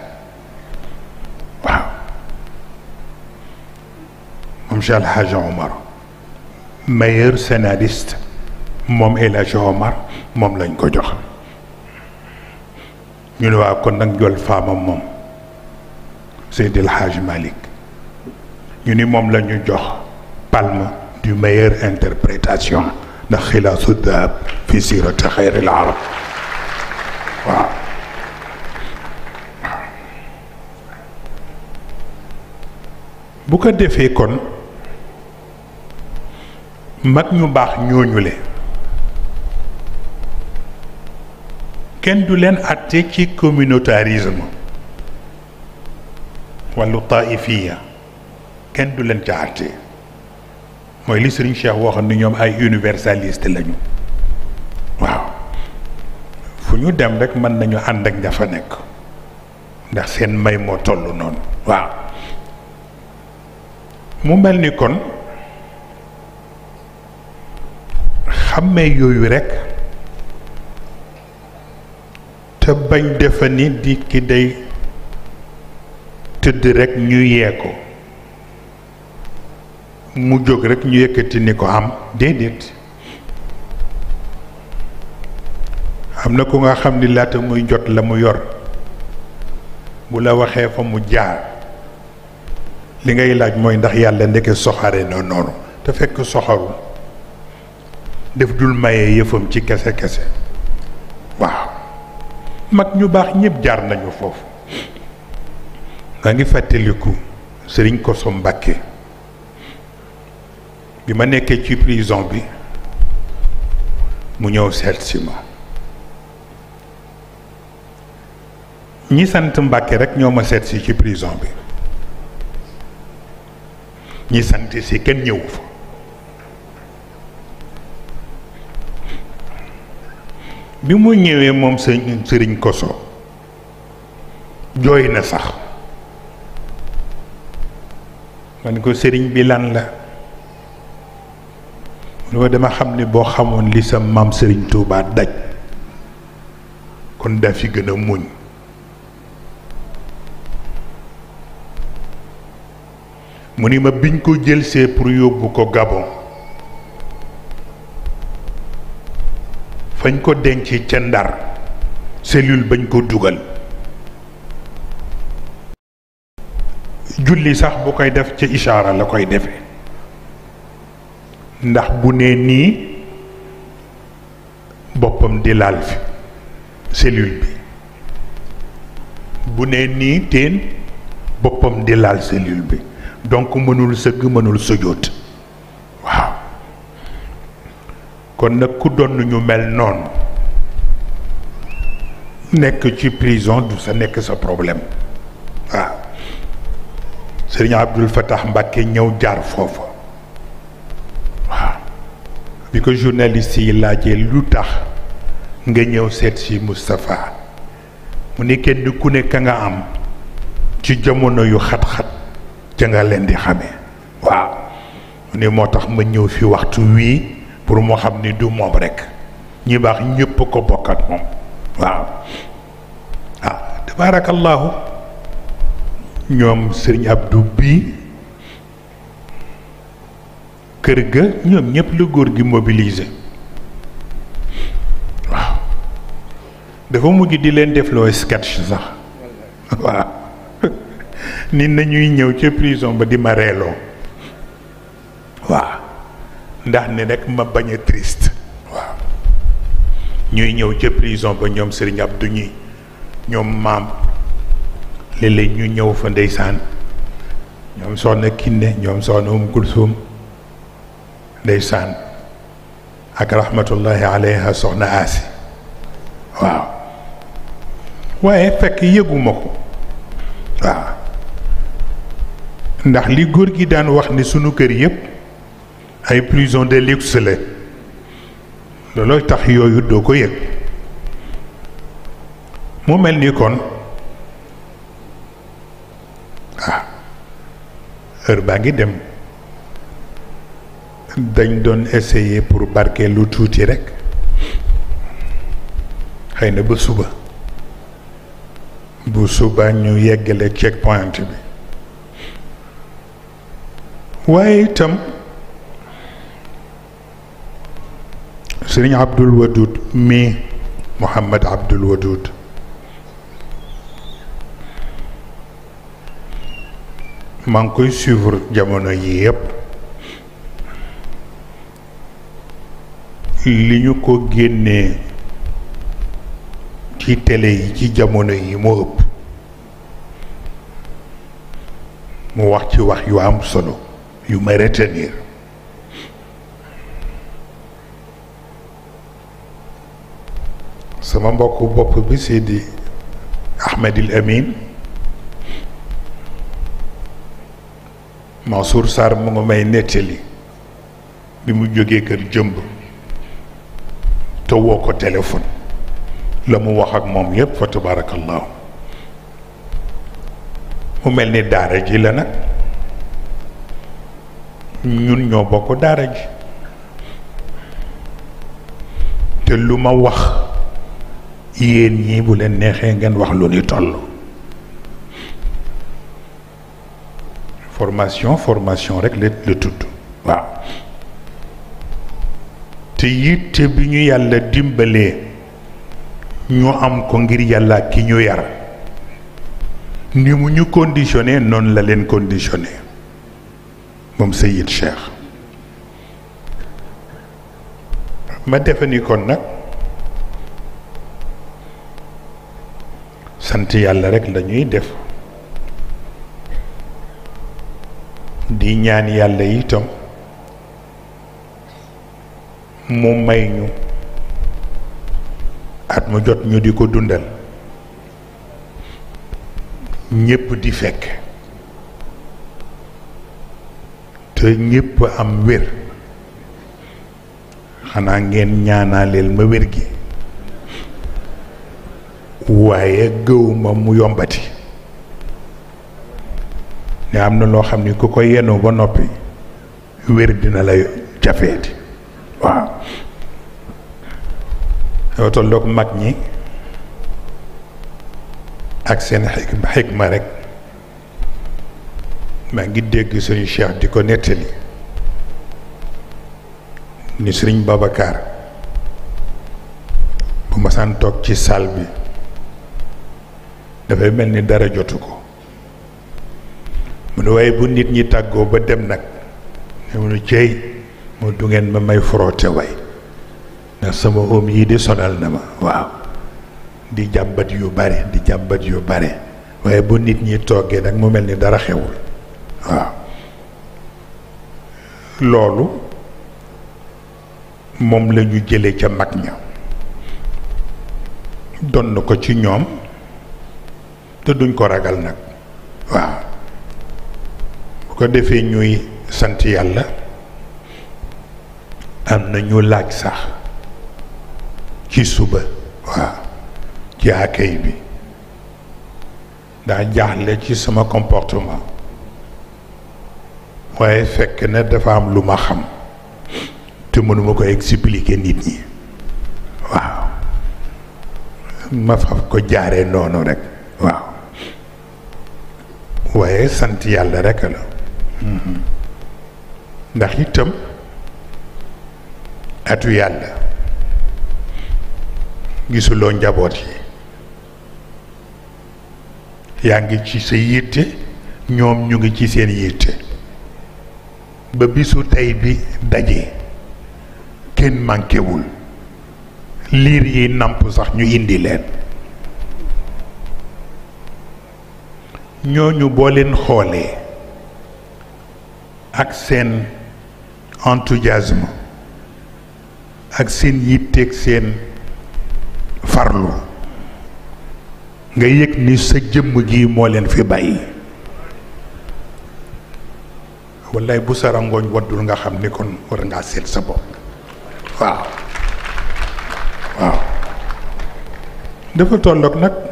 Speaker 1: moom Cheikh El Hadj Omar meilleur scénariste moom El Omar moom lañ ko jox ñu ne waa kon nag jol faamam moom Seydi de Hadj Malick ñu ni moom la ñu jox palm du meilleure interprétation ndax xilaasu dahab fi sirati xeyril arab waaw bu ko defee kon mag ñu baax ñooñule kenn du leen àtte ci communautarisme wàllu taifiya kenn du leen ca àtte mooy li Serigne Cheikh waxoon ni ñoom ay universaliste lañu waaw fu ñu dem rek mën nañu ànd ak ña nekk ndax seen may moo toll noonu waaw mu mel ni kon xàmmee yooyu rekk te bañ defa ni nit ki day tëdd rekk ñu yee ko mu jóg rekk ñu yëkkati ni ko am déedéet am na ko nga xam ni laata muy jot la mu yor bu la waxee fa mu jaar li ngay laaj mooy ndax yàlla ndeke soxare na noonu te fekk soxaru def dul maye yeufam ci kese kese waaw mak ñu bax ñepp jaar nañu fofu nga ngi fàttaliku sëriñ Koso Mbàkke bi ma nekké ci prison bi mu ñew seet ma ñi sant Mbàkke rek ñoma ci prison bi ñi sant ken ñewu bi mu ñëwee moom sëñ sëriñ Koso jooy na sax ma ne ko sëriñ bi lan la mu ne ma dama xam ne boo xamoon li sa maam sëriñ Touba daj kon daa fi gën a muñ mu ni ma biñ ko jëlsee pour yóbbu ko Gabon fañ ko denc ci ndar cellule bañ ko duggal julli sax bu koy def ci ishara la koy defe ndax bu né ni bopam di lal fi cellule bi bu né ni ten bopam di lal cellule bi donc mënul seug mënul sujjóot waaw kon nak ku donne ñu mel que nek ci prison du sa que sa problème C'est serigne Abdul Fattah Mbaké ñew jaar fofu bi journaliste yi nga ñew set ci mustapha mu kenn ku ne nga am ci jamono yu xat-xat nga leen di xamee waaw mu ma fi waxtu pour mu xam ni du moom rekk ñi baax ñépp ko bokkat moom waaw waaw tabaarakallaahu ñoom sëriñ Abdou bii kër ga ñoom ñépp la góor gi mobilisé waaw dafa mujj di leen def loo sketch sax waaw nit nañuy ñëw ca prison ba di ma reeloo waaw ndax ne nag ma bañ a triste waaw ñuy ñëw ca prison ba ñoom Serigne Abdou ñi ñoom maam léeg-léeg ñu ñëw fa ndeysaan ñoom soxna kinne ñoom soxna um Kulsum ndeysaan ak rahmatullahi alayha soxna aasi waaw waaye fekk yëguma ko waaw ndax li góor gi daan wax ni sunu kër yépp ay prison de luxe la tax yooyu doo ko yëg mu mel ni kon ah heure baa ngi dem dañ doon essayer pour barke lu tuuti rekk xëy na ba suba bu suba ñu yeggale check point bi waaye itam sëriñ Abdul Wadud mii Mouhamad Abdul Wadud maa ngi koy suivre jamono yi yépp li ñu ko génnee ci télé yi ci jamono yi moo ëpp mu wax ci wax yu am solo yu ma retenir sama mbokk bopp bi Seydi el Amin Mansour sar mu ngi may nettali bi mu joge kër jëmb te woo ko téléphone la mu wax ak mom yépp fa tabarakallah mu melni dara ji la nak ñun ño bokk dara ji te luma wax bu wax formation formation rek le tout tudd te yitte bi ñu yàlla dimbalee am ko ngir yàlla ki ñu yar ni conditionné la leen conditionné moom sayid Cheikh ma sant yàlla rekk lañuy def di ñaan yàlla itam mu may ñu at mu jot ñu di ko dundal ñépp di fekk te ñépp am wér xanaa ngeen ñaanaaleel ma wér gi waaye gëwuma mu yombati ne am na loo xam ne ku ko yenu ba noppi wér dina la jafeeti waaw yow tolloog mag ñi ak seen xikma rek maa ngi dégg suñu cheikh di ko nettali ni sëriñ Babacar bu ma saan ci salle bi dafay mel ni dara jotu ko mu ne waaye bu nit ñi tàggoo ba dem nag ne mu ne cey mu du ngeen ma may frotté way ndax sama oom yii di sonal na ma waaw di jàmbat yu bare di jàmbat yu bare waaye bu nit ñi toggee nag mu mel ni dara xewul waaw loolu moom la jële ca mag ña donn ko ci ñoom te duñ ko ragal nag waaw bu ko defee ñuy sant yàlla am na ñu laaj sax ci suba waaw ci accueil bi daa jaaxle ci sama comportement waaye fekk na dafa am lu ma xam te mënuma ko expliquer nit ñi waaw ma faf ko jaaree noonu rek waaw sant yàlla rekk la ndax itam atu yàlla gisuloo njaboot yi yaa ngi ci sa yitte ñoom ñu ngi ci seen yitte ba bisu tey bi daje kenn mànkewul liir yi namp sax ñu indi leen ñooñu boo leen xoolee ak seen enthousiasme ak seen yitteeg seen farlu nga yëg ni sa jëmm gi moo leen fi bàyyi wallaay bu sara rangooñ waddul nga xam ni kon war ngaa seet sa bopp waaw waaw dafa tolloog nag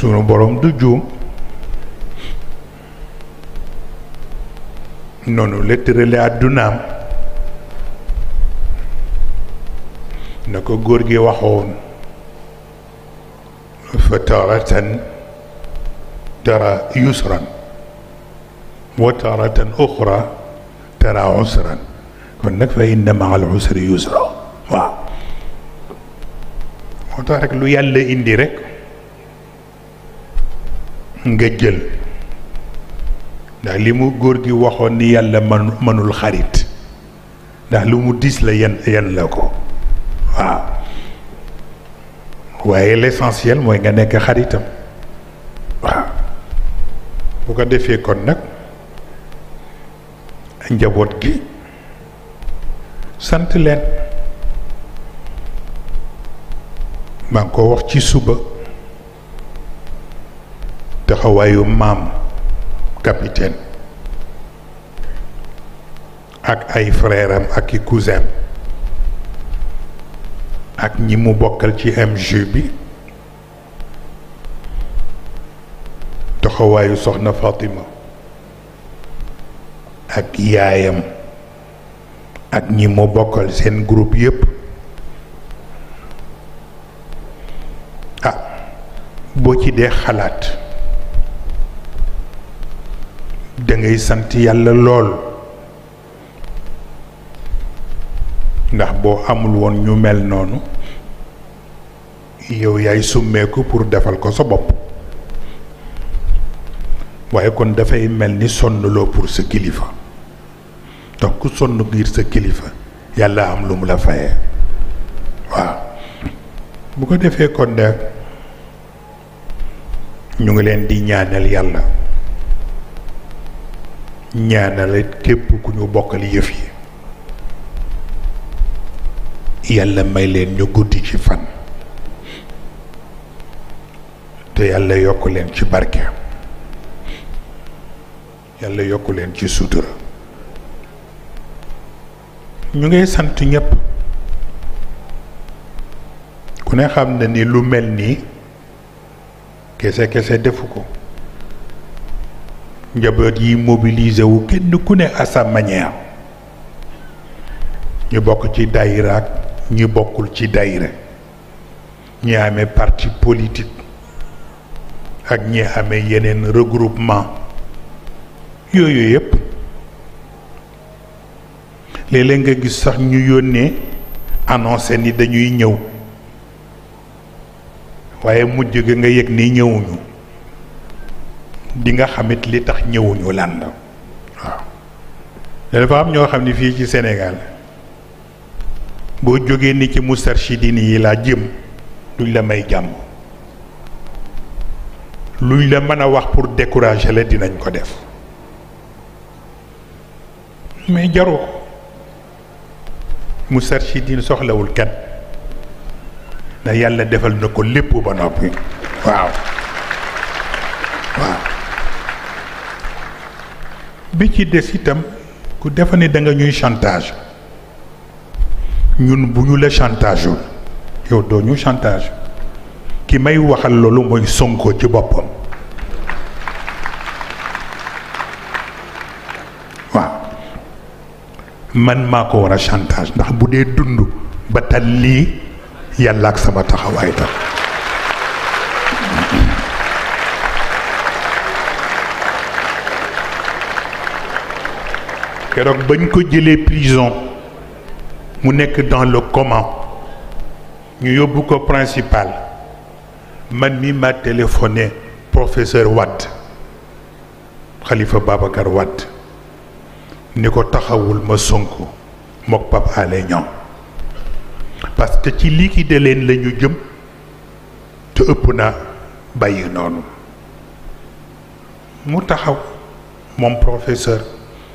Speaker 1: sunu borom du juum noonu la tërale àddunaam na ko góor gi waxoon fa taratan tara yusran wa taratan uxra tara usran kon nag fa inna maa al usri yusra waaw moo tax rek lu yàlla indi rek nga jël ndax li mu góor gi waxoon ni yàlla man mënul xarit ndax lu mu diis la yenn yenn la ko waaw waaye l'essentiel mooy nga nekk xaritam waaw bu ko defee kon nag njaboot gi sant leen maa ngi ko wax ci suba taxawaayu maam capitaine ak ay freram ak i cousin ak ñi mu bokkal ci MG bi taxawaayu soxna Fatima ak yaayam ak ñi mu bokkal seen groupe yépp ah boo ci dee xalaat da sant yàlla lool ndax boo amul woon ñu mel noonu yow yaay summeeku pour defal ko sa bopp waaye kon dafay mel ni sonnloo pour sa kilifa donc ku sonn ngir sa kilifa yàlla am lu mu la fayee waaw bu ko defee kon nag ñu ngi leen di ñaanal yàlla ñaanale képp ku ñu bokkal yëf yi yàlla may leen ñu guddi ci fan te yàlla yokk leen ci barke yàlla yokk leen ci sutura ñu ngay sant ñëpp ku ne xam na ni lu mel nii kese kese defu ko njaboot yi mobiliser wu kenn ku ne à sa ñu bokk ci dayra ak ñu bokkul ci dayre ñi ame parti politique ak ñi ame yeneen regroupement yooyu yëpp léeg nga gis sax ñu yónnee annoncé ni dañuy ñëw waaye mujj ga nga yëg ni ñëwuñu di nga xamit li tax ñëwuñu lan la waaw dafa am ñoo xam ne fii ci Sénégal boo jógee ni ci Moustarchidine yi laa jëm luñ la may jàmm luñ la mën a wax pour décourager la dinañ ko def mais jaru ko Moustarchidine soxlawul kenn ndax yàlla defal na ko lépp ba noppi waaw waaw bi ci des itam ku defa ne da nga ñuy chantage ñun bu ñu la chantage yow doo ñu chantage ki may waxal loolu mooy Sonko ci boppam waaw man maa ko war a chantage ndax bu dee dund ba tal lii yàlla ak sama taxawaay tax kérok bañ ko jëlé prison mu nekk dans le coma ñu yobbu ko principal man mi ma téléphoné professeur Watt, Khalifa Babacar Watt. niko taxawul ma Sonko mok pap Alé ñom parce que ci liquide leen la ñu jëm te ëpp na bàyyi noonu mu taxaw mon professeur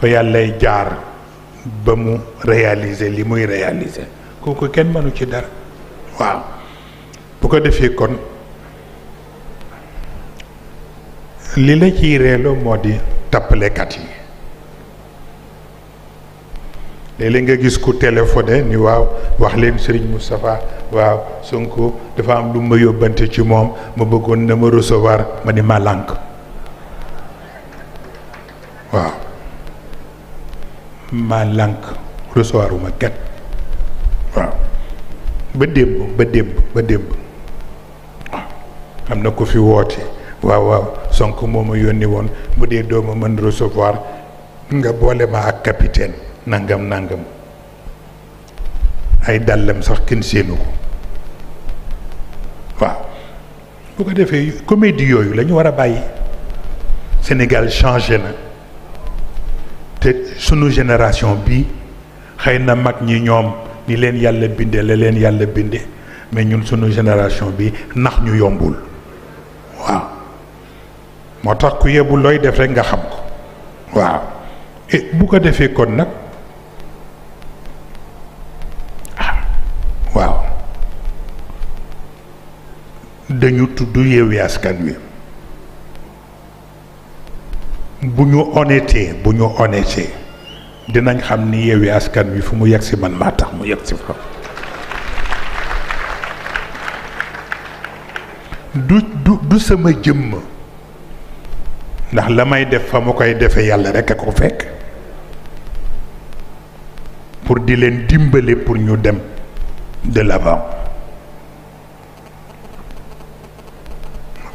Speaker 1: fa yàllay jaar ba mu réaliser li muy réaliser kooku kenn mënu ci dara waaw bu ko defee kon li la ciy reeloo moo di tappalekat yi léeg-léeg nga gis ku téléphoné ni waaw wax leen Serigne Moustapha waaw Sonko dafa am lu ma yóbbante ci moom ma bëggoon na ma recevoir ma ni ma lànk waaw ma lànk recevoir wu ma kat waaw ba démb ba démb ba démb waaw am na ko fi woote waaw waaw sonk moo ma yónni woon bu dee doo ma mën recevoir nga boole ma ak capitaine nangam nangam ay dàllam sax kin séenu ko waaw bu ko defee comédie yooyu lañu war a bàyyi Sénégal changé na te sunu génération bi xëy na mag ñi ñoom ni leen yàlla binde la leen yàlla binde mais ñun suñu génération bi nax ñu yombul waaw moo tax ku yebu looy def rek nga xam ko waaw et bu ko defee kon nag ah, waaw dañu tudd yeewi askan wi bu ñu honnêté bu ñu honnêté dinañ xam ni Yewwi Askan Wi fu mu yegg si man maa tax mu yegg si fa du du sama jëmm ndax la may def fa mu koy defe yàlla rek a ko fekk pour di leen dimbale pour ñu dem de l'avant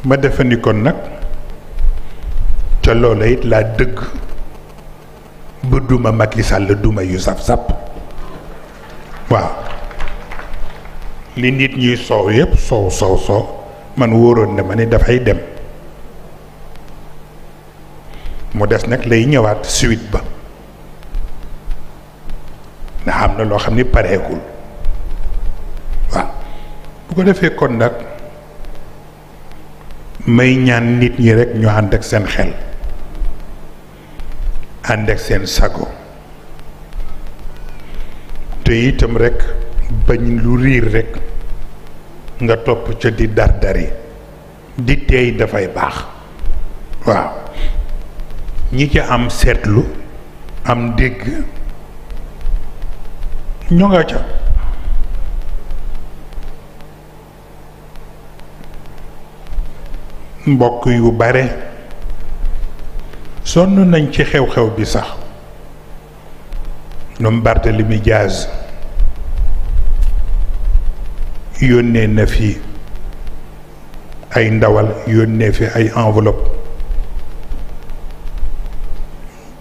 Speaker 1: ma defe ni kon nag ca loola it laa dëgg ba duma Macky Sall duma yu sap-sap waaw li nit ñuy soow yépp soow soow soow man wóoroon ne ma ni dafay dem mu des nag lay ñëwaat suite ba ndax am na loo xam ni pareekul waaw bu ko defee kon nag may ñaan nit ñi rek ñu ànd ak seen xel ànd ak seen sago te itam rekk bañ lu riir rekk nga topp ca di dardari di teey dafay baax waaw ñi ca am seetlu am dégg ñoo nga ca mbokk yu bare sonn nañ ci xew-xew bi sax ñoom Barthélemy Diaz yónnee na fi ay ndawal yónnee fi ay enveloppe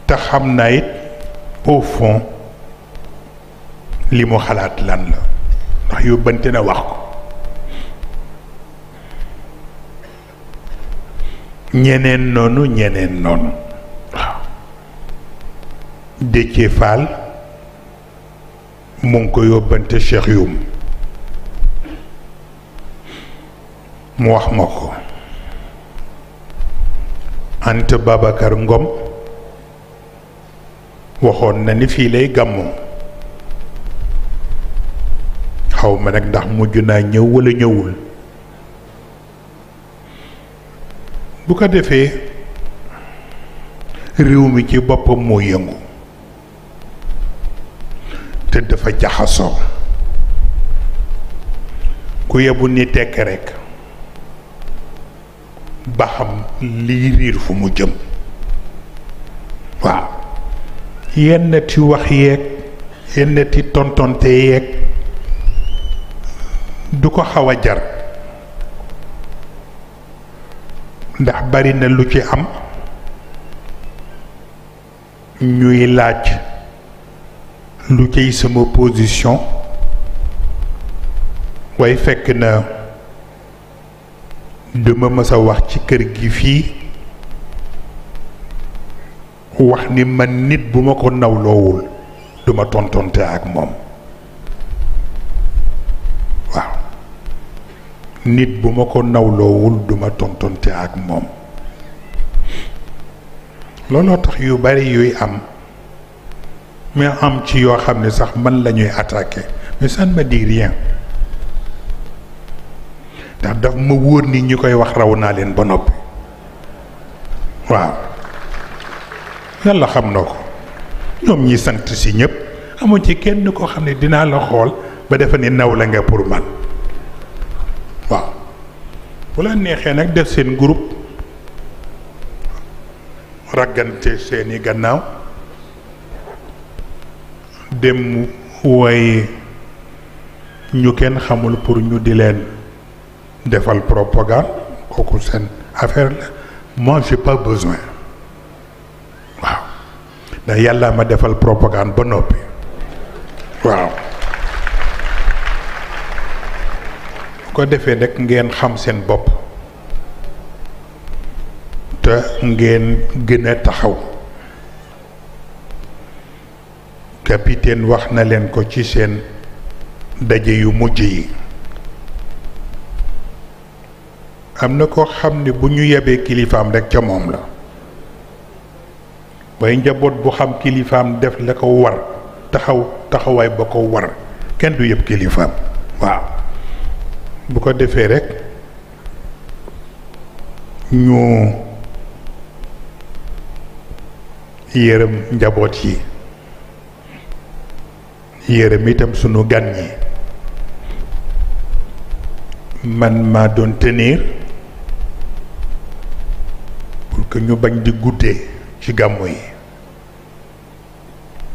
Speaker 1: te xam naa it au fond li mu xalaat lan la ndax yóbbante na wax ko ñeneen noonu ñeneen noonu Déthié Fall mu ngi ko yóbbante Cheikh Youm mu wax ma ko Anta Babacar Ngom waxoon na ni fii lay gàmmoo xawma nag ndax mujj naa ñëw walla ñëwul bu ko defee réew mi ci boppam moo yëngu dafa jaxasoo ku yebu ni tekk rekk ba xam lii riir fu mu jëm waaw yenn ti wax yeeg yenn ti tontonte yeeg du ko xaw a jar ndax bari na lu ci am ñuy laaj lu ciy sama position waaye fekk na dama mës a wax ci kër gi fii wax ni man nit bu ma ko nawloowul duma ma tontonte ak moom waaw nit bu ma ko nawloowul du tontonte ak moom looloo tax yu bari yuy am mais am ci yoo xam ne sax man lañuy ñuy attaqué mais ça ne me rien ndax daf ma wóor ni ñi koy wax raw naa leen ba noppi waaw yàlla xam na ko ñoom ñi sant si ñëpp amu ci kenn koo xam ne dinaa la xool ba defa ne naw la nga pour man waaw bu la neexee nag def seen groupe raggante seeni gannaaw dem wooye ñu kenn xamul pour ñu di len defal propagande koku sen affaire la moi j'ai pas besoin waaw da yalla ma defal propagande ba Quoi waaw ko defee rek ngeen xam s'en bop te ngeen gëna taxaw capitaine wax na leen ko ci seen daje yu mujj yi am na ko xam ne bu ñu yebee kilifaam rekk ca moom la waaye njaboot bu xam kilifaam def la ko war taxaw taxawaay ba ko war kenn du yëpp kilifaam waaw bu ko defee rekk ñu yërëm njaboot yi yërëm itam sunu gan ñi man maa doon tenir pour que ñu bañ di goûter ci gàmmu yi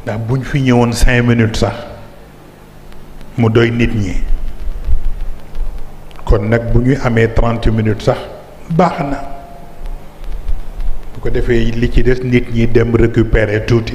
Speaker 1: ndax buñ fi ñëwoon cinq minutes sax mu doy nit ñi kon nag bu ñuy amee trente minutes sax baax na bu ko defee li ci des nit ñi dem récupérer tuuti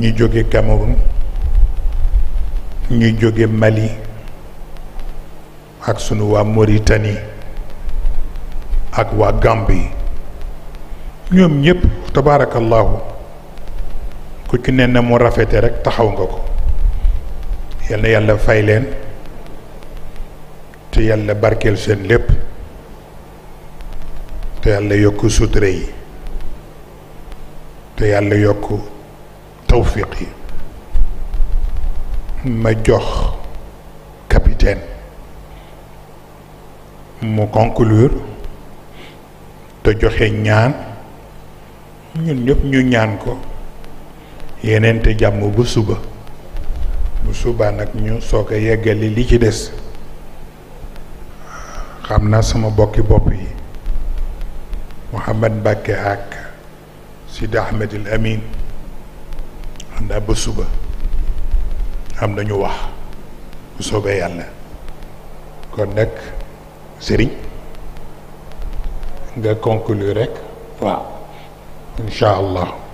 Speaker 1: ñu jóge Cameroun ñu jóge Mali ak sunu waa Mauritanie ak waa Gambie ñoom ñépp tabaarakallaahu ku ci ne na mu rafete rekk taxaw nga ko yal yàlla fay leen te yàlla barkeel seen lépp te yàlla yokk sutura yi te yàlla yokk tawfiq yi ma jox capitaine mu conclure te joxe ñaan ñun ñëpp ñu ñaan ko yeneen te jàmm bu suba bu suba nag ñu soog a yeggali li ci des xam naa sama bokki bopp yi Mouhamad Mbacke ak Sidi Ahmed El Amin àndaa ba suba am na ñu wax bu soobee yàlla kon nag sëriñ nga conclure rekk waaw incha allah